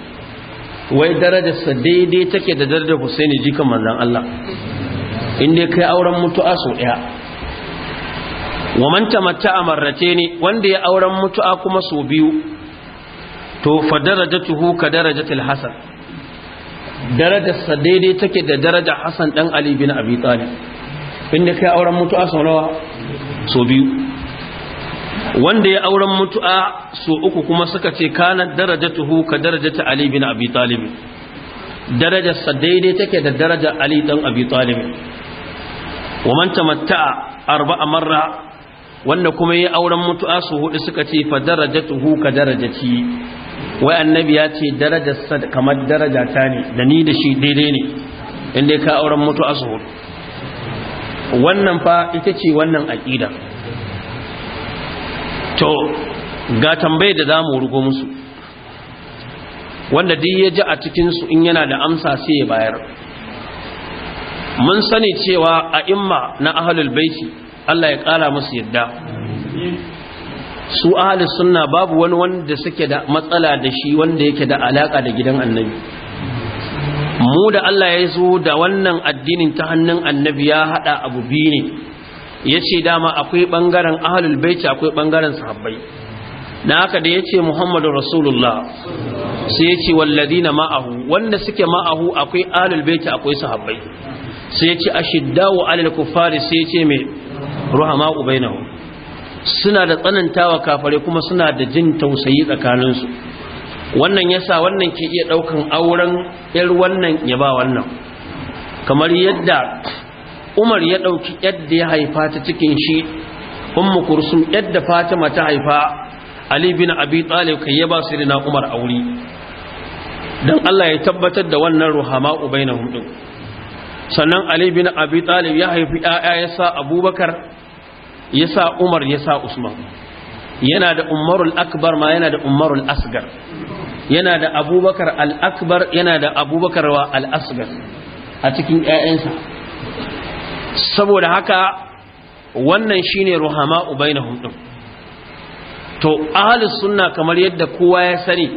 wai darajarsa daidai take da darajar husaini jikan manzon Allah in dai kai auren mutu'a sau daya wa man tamatta'a ne wanda ya auren mutu'a kuma so biyu to fa darajatuhu ka darajatil hasan sa daidai take da darajar hasan dan ali bin abi talib inda kai auren mutu'a so nawa so biyu wanda ya auren mutu'a so uku kuma suka ce kana darajatuhu ka darajata ali bin abi talib sa daidai take da darajar ali dan abi talib wa man tamatta arba'a marra wanda kuma yi auren mutu'a su hudu suka ce fa darajatuhu ka darajati wai annabi ya ce darajarsa kamar daraja ta ne da ni da shi daidai ne inda ka auren mutu'a su hudu wannan fa ita ce wannan aƙida to ga tambayar da zamu mu rugo musu wanda duk ya ji a cikin su in yana da amsa sai ya bayar mun sani cewa a imma na ahlul baiti Allah ya ƙara musu yadda su ahli suna babu wani wanda suke da matsala da shi wanda yake da alaƙa da gidan annabi mu da Allah ya zo da wannan addinin ta hannun annabi ya haɗa abu biyu ne ya ce dama akwai bangaren ahlul baiti akwai su sahabbai na haka da ya ce Muhammadu Rasulullah sai ya ce wallazi na ma'ahu wanda suke ma'ahu akwai ahlul baiti akwai sahabbai sai ya ce yace ashiddau alal kufari sai ya ce mai ruhama ubainahu suna da tsanantawa kafare kuma suna da jin tausayi tsakaninsu wannan yasa wannan ke iya daukan auren yar wannan ya ba wannan kamar yadda Umar ya dauki yadda ya haifa ta cikin shi ummu kursum yadda Fatima ta haifa Ali bin Abi Talib kai ya ba sirina Umar aure dan Allah ya tabbatar da wannan ruhama ubainahum din sannan Ali bin Abi Talib ya haifi ayyasa yasa Abubakar ya sa umar ya sa usman yana da umarul akbar ma yana da umarul asgar yana da abubakar al'akbar yana da abubakar wa al'asgar a cikin ‘ya'yansa saboda haka wannan shine ruhama ubai na to ahalus sunna kamar yadda kowa ya sani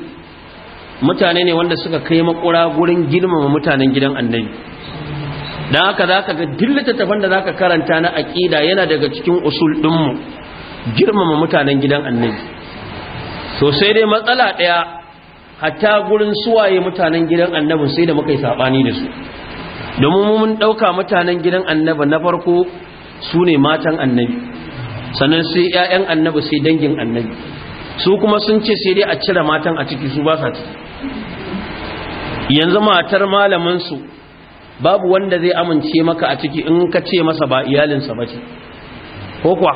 mutane ne wanda suka kai makura gurin girmama mutanen gidan annabi da haka za ka ga dillitattafan da za ka karanta na aƙida yana daga cikin usul ɗinmu girmama mutanen gidan annabi so sai dai matsala ɗaya hatta gurin suwaye mutanen gidan annabi, sai da muka yi saɓani da su domin mun ɗauka mutanen gidan annabi na farko su ne matan annabi sannan sai 'ya'yan annabi sai dangin annabi su kuma sun ce sai dai a cire matan a ciki su ba sa yanzu matar malamin su babu wanda zai amince maka a ciki in ka ce masa ba iyalinsa ba ce ko kuwa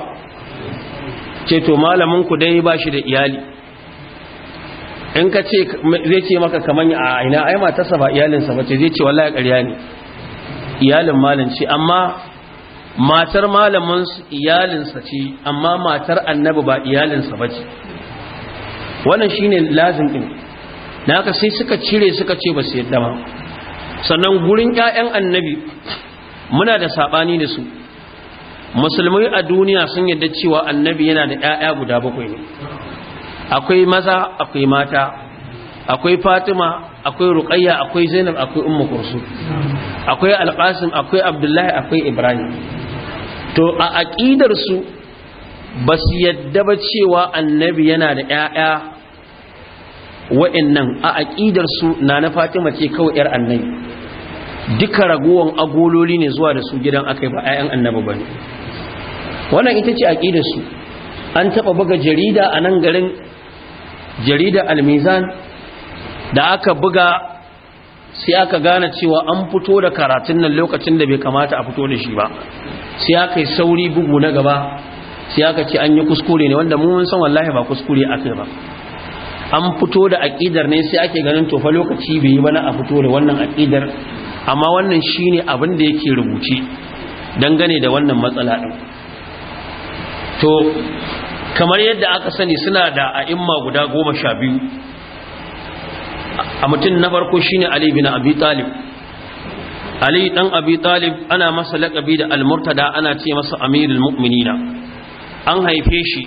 ce to malaminku dai ba shi da iyali in ka ce zai ce maka kaman a ina ai matarsa ba iyalinsa ba ce zai ce wallahi ƙarya ne iyalin malam ce amma matar malamin iyalinsa ce amma matar annabi ba iyalinsa ba ce wannan shine lazim din naka sai suka cire suka ce ba su yadda ba sannan gurin ƴaƴan annabi muna da sabani da su musulmai a duniya sun yadda cewa annabi yana da ƴaƴa guda bakwai ne akwai maza akwai mata akwai fatima akwai ruqayya akwai zainab akwai ummu kursu akwai alqasim akwai abdullahi akwai ibrahim to a aqidar su ba su yadda ba cewa annabi yana da ƴaƴa wa'annan a aqidar su na na fatima ce kawai yar annabi duka ragowan agololi ne zuwa da su gidan aka yi ba 'ya'yan annabi ne. wannan ita ce aqidar su an taba buga jarida a nan garin jarida almizan da aka buga sai aka gane cewa an fito da karatun nan lokacin da bai kamata a fito da shi ba sai aka yi sauri bugu na gaba sai aka ce an yi kuskure ne wanda mun san wallahi ba kuskure aka ba an fito da aqidar ne sai ake ganin to fa lokaci bai yi ba na a fito da wannan aqidar amma wannan shi ne abin da yake rubuce dangane da wannan matsala ɗin to kamar yadda aka sani suna da a'imma guda goma sha biyu a mutum na farko shi ne Ali bin Abi Talib Ali dan Abi Talib ana masa laƙabi da almurtada ana ce masa Amirul Mu'minina an haife shi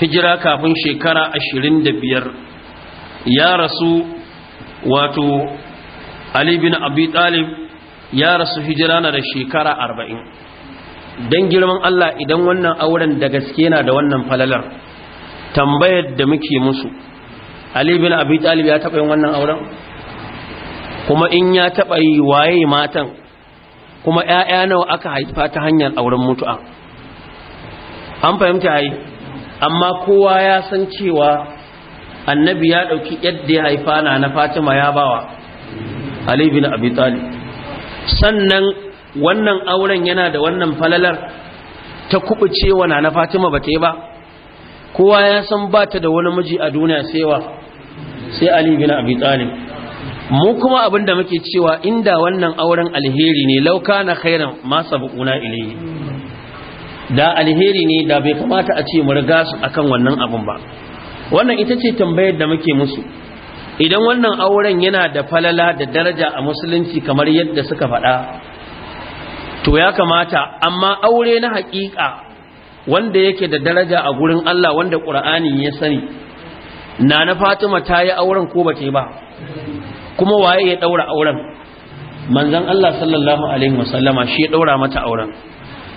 hijira kafin shekara ashirin da biyar ya rasu wato ali bin abi talib ya rasu hijira na da shekara arba'in don girman allah idan wannan auren da gaske na da wannan falalar tambayar da muke musu ali bin abi talib ya taɓa yin wannan auren kuma in ya taɓa yi waye matan kuma 'ya'ya nawa aka haifa ta hanyar auren mutu'a an fahimta yi amma kowa ya san cewa annabi ya ɗauki yadda ya haifa na na fatima ya bawa ali bin abi talib sannan wannan auren yana da wannan falalar ta kubuce wa na fatima ba ta yi ba kowa ya san ba ta da wani miji a duniya saiwa sai ali bin abi talib mu kuma abinda muke cewa inda wannan auren alheri ne lauka na khairan ma sabquna ilayhi da alheri ne da bai kamata a ce mu riga su akan wannan abun ba wannan ita ce tambayar da muke musu idan wannan auren yana da falala da daraja a musulunci kamar yadda suka faɗa to ya kamata amma aure na haƙiƙa wanda yake da daraja a gurin Allah wanda ƙur'ani ya sani na na fatima ta yi auren ko ba ba kuma waye ya ɗaura auren manzan Allah sallallahu alaihi wasallama shi ya ɗaura mata auren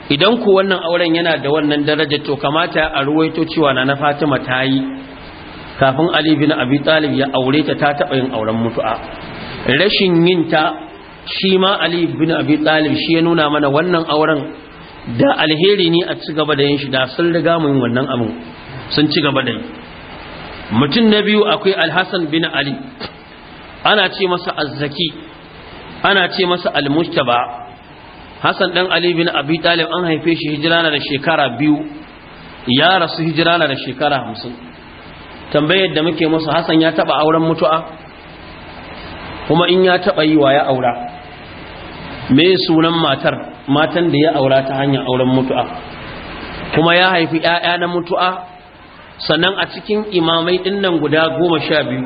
idan ku wannan auren yana da wannan daraja to kamata a ruwaito cewa na na fatima ta yi kafin ali bin abi talib ya aure ta ta taɓa yin auren mutu'a rashin yin ta shi ma ali bin abi talib shi ya nuna mana wannan auren da alheri ne a ci gaba da yin shi da sun riga mu yin wannan abin sun ci gaba da yi mutum na biyu akwai Al-Hasan bin ali ana ce masa zaki, ana ce masa Al-Mustaba hassan dan ali bin abi talib an haife shi hijira na da shekara biyu ya rasu hijira na da shekara hamsin tambayar da muke musu Hassan ya taba auren mutu'a kuma in ya taba yi wa ya aura me sunan matar matan da ya aura ta hanyar auren mutu'a kuma ya haifi ƴaƴa na mutu'a sannan a cikin imamai din nan guda goma sha biyu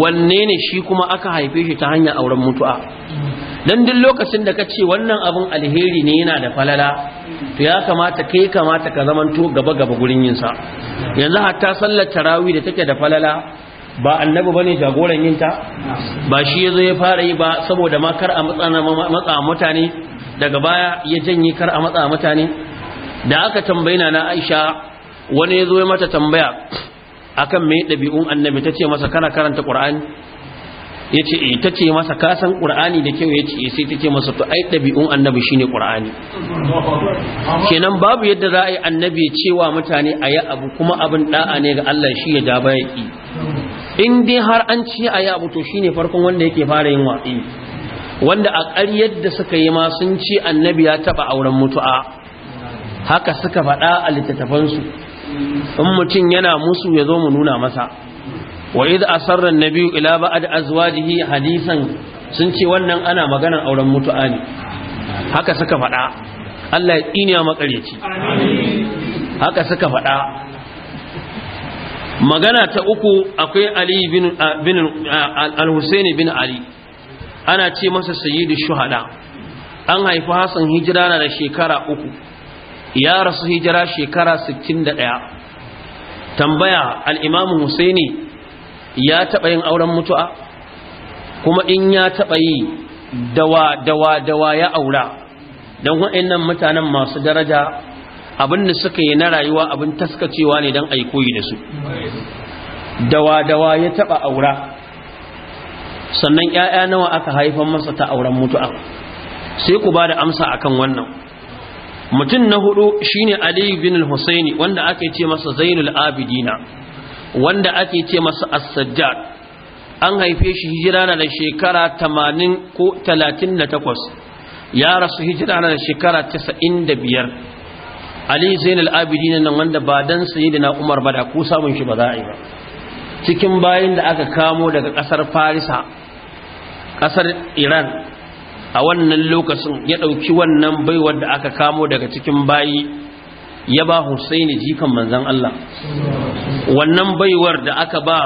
wanne ne shi kuma aka haife shi ta hanyar auren mutu'a dan duk lokacin da ka ce wannan abun alheri ne yana da falala to ya kamata kai kamata ka zamanto gaba gaba gurin yin sa yanzu hatta sallar tarawih da take da falala ba annabi bane jagoran yin ta ba shi yazo ya fara yi ba saboda ma kar a matsa mutane daga baya ya janye kar a matsa mutane da aka tambayina na Aisha wani yazo ya mata tambaya akan me ɗabi'un annabi tace masa kana karanta Qur'ani ya ce ita eh, ce masa kasan ƙur'ani da kyau ya ce eh, sai ta ce masa to ai ɗabi'un annabi shine ƙur'ani kenan babu yadda za a yi annabi cewa mutane a yi abu kuma abin ɗa'a ne ga Allah shi ya ja ya ƙi in dai har an ce a yi abu to shi ne farkon wanda yake fara yin waƙi wanda a ƙar yadda suka yi ma sun ce annabi ya taɓa auren mutu'a haka suka faɗa a littattafansu in mutum yana musu ya zo mu nuna masa wa idh asarra an-nabiyyu ila ba'd azwajihi hadisan sun ce wannan ana maganar auren mutu'a ne haka suka faɗa Allah ya ya makareci haka suka faɗa magana ta uku akwai ali bin al-husaini bin ali ana ce masa sayyidu shuhada an haifi hasan hijira na da shekara uku ya rasu hijira shekara 61 tambaya al-imamu husaini ya taɓa yin auren mutu'a kuma in ya taɓa yi dawa dawa dawa ya aura don waɗannan mutanen masu daraja abin da suka yi na rayuwa abin taskacewa ne don a yi da su dawa dawa ya taɓa aura sannan 'ya'ya nawa aka haifan masa ta auren mutu'a sai ku ba da amsa akan wannan mutum na hudu shine Aliyu bin Husaini wanda ake ce masa Zainul Abidina wanda ake ce masa as-sajjad an haife shi hijira na da shekara 80 ko 38 ya rasu hijira na da shekara 95 ali zainal abidin nan wanda ba dan na umar ba da ku samun shi ba za a yi ba cikin bayin da aka kamo daga kasar farisa kasar iran a wannan lokacin ya dauki wannan baiwar da aka kamo daga cikin bayi ya ba Husaini jikan manzan Allah wannan baiwar da aka ba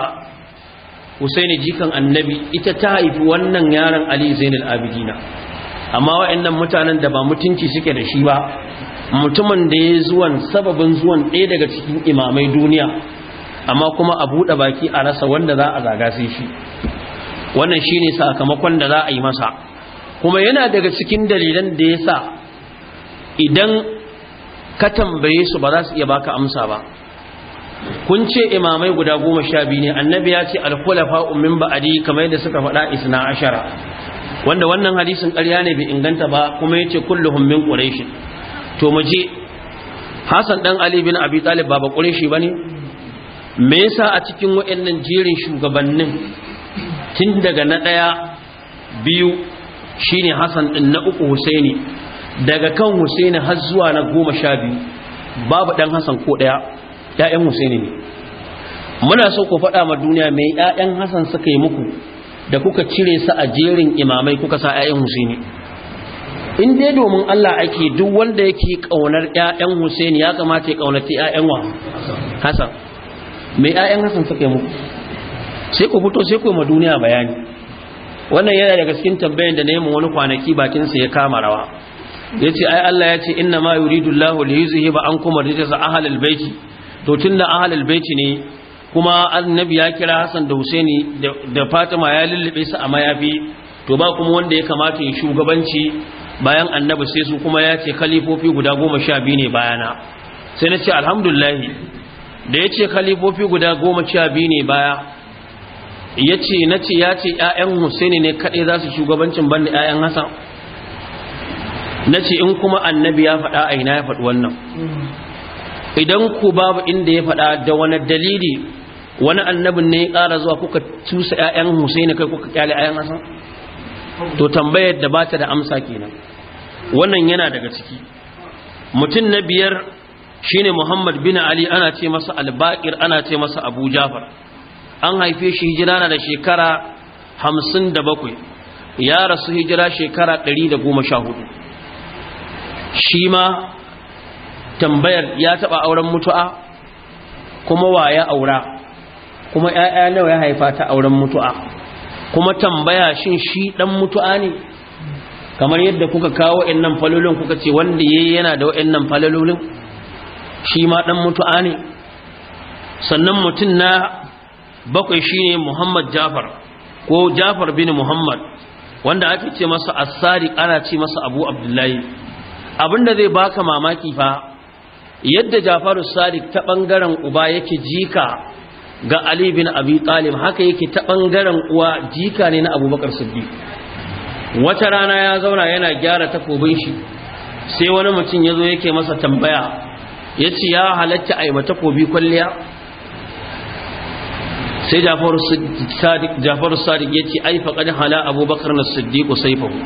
Husaini jikan annabi ita ta haifi wannan yaron Ali Zainul Abidina amma wa'annan mutanen da ba mutunci suke da shi ba mutumin da ya zuwan sababin zuwan ɗaya daga cikin imamai duniya amma kuma a buɗe baki a rasa wanda za a zaga sai shi wannan shine sakamakon da za a yi masa kuma yana daga cikin dalilan da ya sa idan ka tambaye su ba za su iya baka amsa ba kun ce imamai guda goma sha biyu ne annabi ya ce alkulafa umin ba'adi kamar yadda suka faɗa isna ashara wanda wannan hadisin ƙarya ne bai inganta ba kuma yace kulluhum min ƙureshi to mu je hasan ɗan ali bin abi talib ba ba ba ne me yasa a cikin wayannan jerin shugabannin tun daga na ɗaya biyu shine hasan ɗin na uku husaini daga kan husaini har zuwa na goma sha biyu babu ɗan hassan ko ɗaya ‘ya'yan husaini ne muna so ku faɗa ma duniya mai ‘ya'yan hassan suka yi muku da kuka cire su a jerin imamai kuka sa ‘ya'yan husaini in dai domin allah ake duk wanda yake ƙaunar ‘ya'yan husaini ya kamata ya ƙaunaci ‘ya'yan wa hassan mai ‘ya'yan hassan suka yi muku sai ku fito sai ku ma duniya bayani wannan yana daga cikin tambayar da na yi wani kwanaki bakinsa ya kama rawa Ya ce, ai Allah ya yace inna ma yuridu Allahu an ankum rijsa ahlal baiti to tunda ahlal baiti ne kuma annabi ya kira Hassan da Husaini da Fatima ya lullube su a mayafi to ba kuma wanda ya kamata ya shugabanci bayan annabi sai su kuma ya ce khalifofi guda goma ne bayana sai na ce alhamdulillah da ya ce khalifofi guda goma ne baya ya ce na ce ya ce ‘ya'yan Husaini ne kaɗai za su shugabancin ban da ‘ya'yan Hassan na ce in kuma annabi ya faɗa a ina ya faɗi wannan idan ku babu inda ya faɗa da wani dalili wani annabin ne ya ƙara zuwa kuka tusa 'ya'yan husaini kai kuka kyale 'ya'yan hasan to tambayar da ba ta da amsa kenan wannan yana daga ciki mutum na biyar shine muhammad bin ali ana ce masa albakir ana ce masa abu jafar an haife shi hijira na da shekara hamsin da bakwai ya rasu hijira shekara ɗari da goma sha hudu shi ma tambayar ya taɓa auren mutu'a kuma wa ya aura kuma ‘ya'ya nawa ya haifa ta auren mutu'a kuma tambaya shin shi ɗan mutu'a ne kamar yadda kuka kawo nan falolin kuka ce wanda ya yana da nan falolin shi ma ɗan mutu'a ne sannan mutum na bakwai shine muhammad jafar ko jafar bin muhammad wanda ake ce masa asari ana ce masa abu abdullahi abinda zai baka mamaki fa yadda jafaru sadiq ta bangaren uba yake jika ga ali bin abi talib haka yake ta bangaren uwa jika ne na abubakar siddiq wata rana ya zauna yana gyara takobin shi sai wani mutum ya zo yake masa tambaya ya ce ya halatta a yi takobi kwalliya sai jafaru sadiq ya ce ai hala abubakar na siddiq saifahu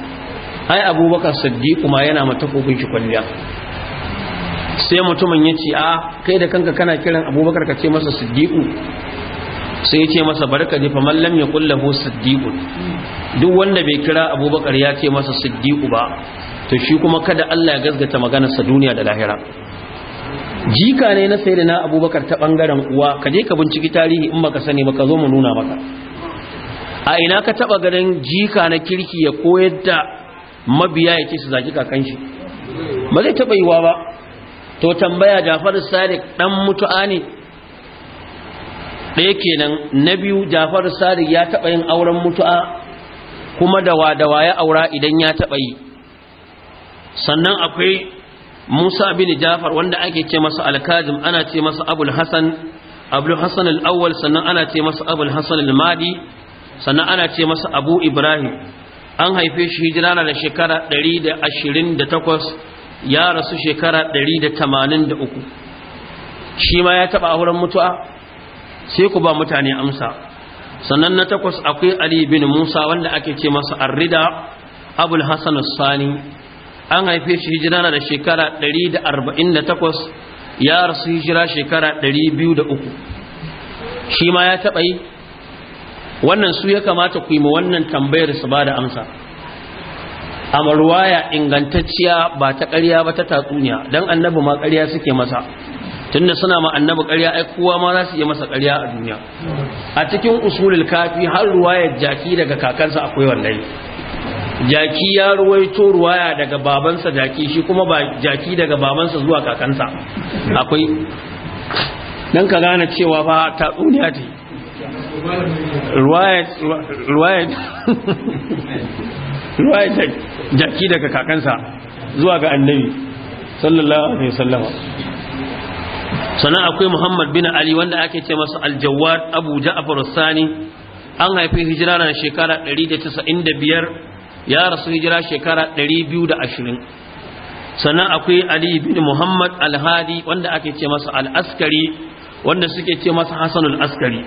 ai abubakar saddi ma yana mata kofin shi kwalliya sai mutumin ya ce a kai da kanka kana kiran abubakar ka ce masa siddiqu sai ya ce masa barka ji fa mallam ya kullahu siddiqu duk wanda bai kira abubakar ya ce masa siddiqu ba to shi kuma kada Allah ya gazgata maganarsa duniya da lahira jika ne na sai na abubakar ta bangaren uwa ka je ka binciki tarihi in baka sani ba ka zo mu nuna maka a ina ka taba ganin jika na kirki ya koyar da mabiya ya ce su zaki kakan shi ba zai taɓa yiwa ba to tambaya jafar sadiq ɗan mutu'a ne ɗaya kenan na biyu jafar sadiq ya taba yin auren mutu'a kuma dawa dawa ya aura idan ya taba yi sannan akwai musa bin jafar wanda ake ce masa alkazim ana ce masa abul hasan abul hasan al'awwal sannan ana ce masa abul hasan al-madi sannan ana ce masa abu ibrahim an haife shi hijira na da shekara 128 ya rasu shekara 183 shi ma ya taba auren mutu'a sai ku ba mutane amsa sannan na takwas akwai ali bin musa wanda ake ce masa arrida abul hasan sani an haife shi hijira na da shekara 148 ya rasu hijira shekara 203 shi ma ya taba yi wannan su ya kamata ku yi ma wannan tambayar su ba da amsa amma ruwaya ingantacciya ba ta ƙarya ba ta tatsuniya don annabi ma ƙarya suke masa tunda suna ma annabi ƙarya ai kowa ma za su yi masa ƙarya a duniya a cikin usulul kafi har ruwaya jaki daga kakansa akwai wannan jaki ya ruwaito ruwaya daga babansa jaki shi kuma ba jaki daga babansa zuwa kakansa akwai dan ka gane cewa fa tatsuniya ce ruwayar jaki daga kakansa zuwa ga annabi sallallahu alaihi sallama sannan akwai muhammad bin ali wanda ake ce masa aljawwad abu ja'afar sani an haifi hijira ran shekara 195 ya rasu hijira shekara 220 sannan akwai ali bin muhammad alhadi wanda ake ce masa al'askari wanda suke ce masa hasanul askari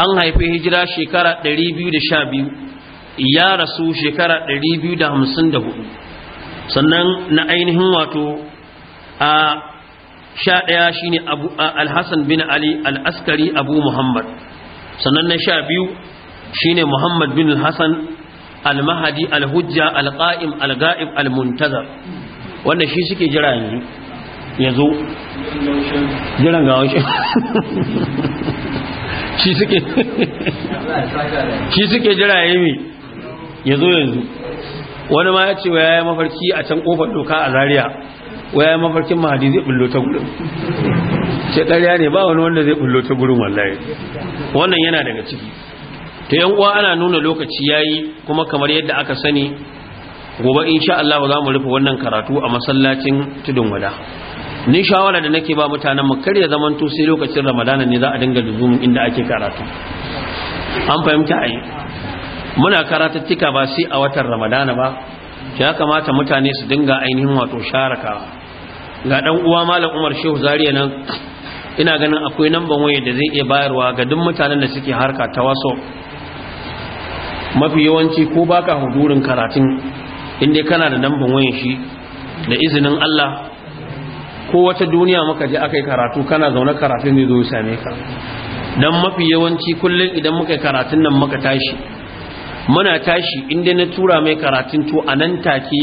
an haifi hijira shekara 212 ya rasu shekara 254 sannan na ainihin wato a sha ɗaya shi ne alhassan bin ali al'askari abu muhammad sannan na sha biyu shi ne muhammad bin hassan al-mahadi al-hujja al-ƙa'im al al-muntazar wanda shi suke jira yanzu ya zo jiran ga wasu shi suke jira ya yi ya zo yanzu wani ma ya ce wa ya yi mafarki a can kofar doka a zariya wa ya yi mafarkin mahadi zai bullo ta gudun ce ƙarya ne ba wani wanda zai bullo ta gudun wallaye wannan yana daga ciki ta yan uwa ana nuna lokaci ya yi kuma kamar yadda aka sani gobe insha Allah za mu rufe wannan karatu a masallacin tudun wada ni shawara da nake ba mutanen mu kar ya zamanto sai lokacin ramadana ne za a dinga dubun inda ake karatu an fahimta ai muna karatattika ba sai a watan ramadana ba ya kamata mutane su dinga ainihin wato sharakawa ga dan uwa malam Umar Shehu Zariya nan ina ganin akwai namban waya da zai iya bayarwa ga duk mutanen da suke harka ta waso mafi yawanci ko baka hudurin karatun inda kana da namban wayan shi da izinin Allah ko wata duniya muka je aka yi karatu kana zaune karatun ne zo same ka dan mafi yawanci kullum idan muka yi karatun nan muka tashi muna tashi inda na tura mai karatun to a nan take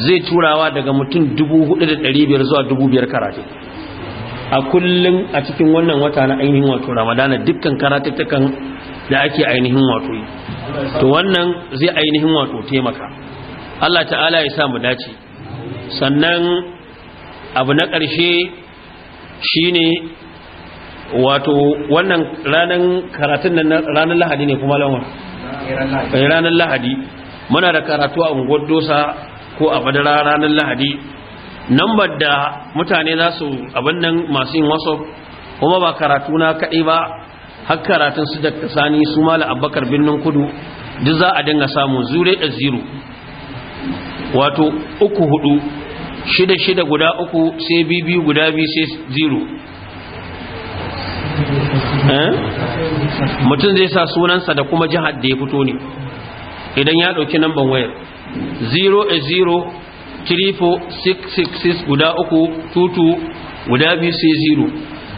zai turawa daga mutum 4,500 zuwa 5,000 karatu a kullum a cikin wannan wata na ainihin wato ramadana dukkan karatuttukan da ake ainihin wato yi to wannan zai ainihin wato taimaka Allah ta'ala ya sa mu dace sannan abu na ƙarshe shi ne wato wannan ranar karatun nan ranar lahadi ne kuma lamar eh, ranar lahadi muna da karatu a unguwar dosa ko a madara ranar lahadi nan da mutane za su abin nan masu yin wasu kuma ba karatu na kaɗai ba har karatun su da sani su mala abakar birnin kudu duk za a dinga samu zure da zero wato uku hudu shida shida guda uku sai biyu guda biyu sai zero eh? mutum zai sa sunansa da kuma jihar da ya fito ne idan ya ɗauki namban wayar 0 3466 guda uku tutu guda biyu sai zero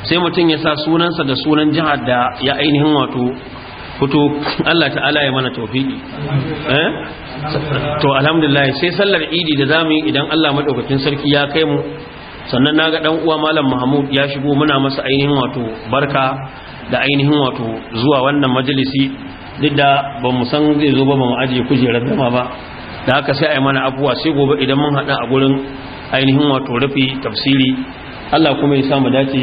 sai mutum ya sa sunansa da sunan jihar da ya ainihin wato fito Allah ta'ala ya mana tawfiki eh to alhamdulillah sai sallar idi da zamu yi idan Allah madaukakin sarki ya kai mu sannan naga dan uwa malam Mahmud ya shigo muna masa ainihin wato barka da ainihin wato zuwa wannan majalisi duk da ba mu san zai zo ba ba mu ajiye kujerar dama ba da haka sai ai mana abuwa sai gobe idan mun haɗa a gurin ainihin wato rufi tafsiri Allah kuma ya mu dace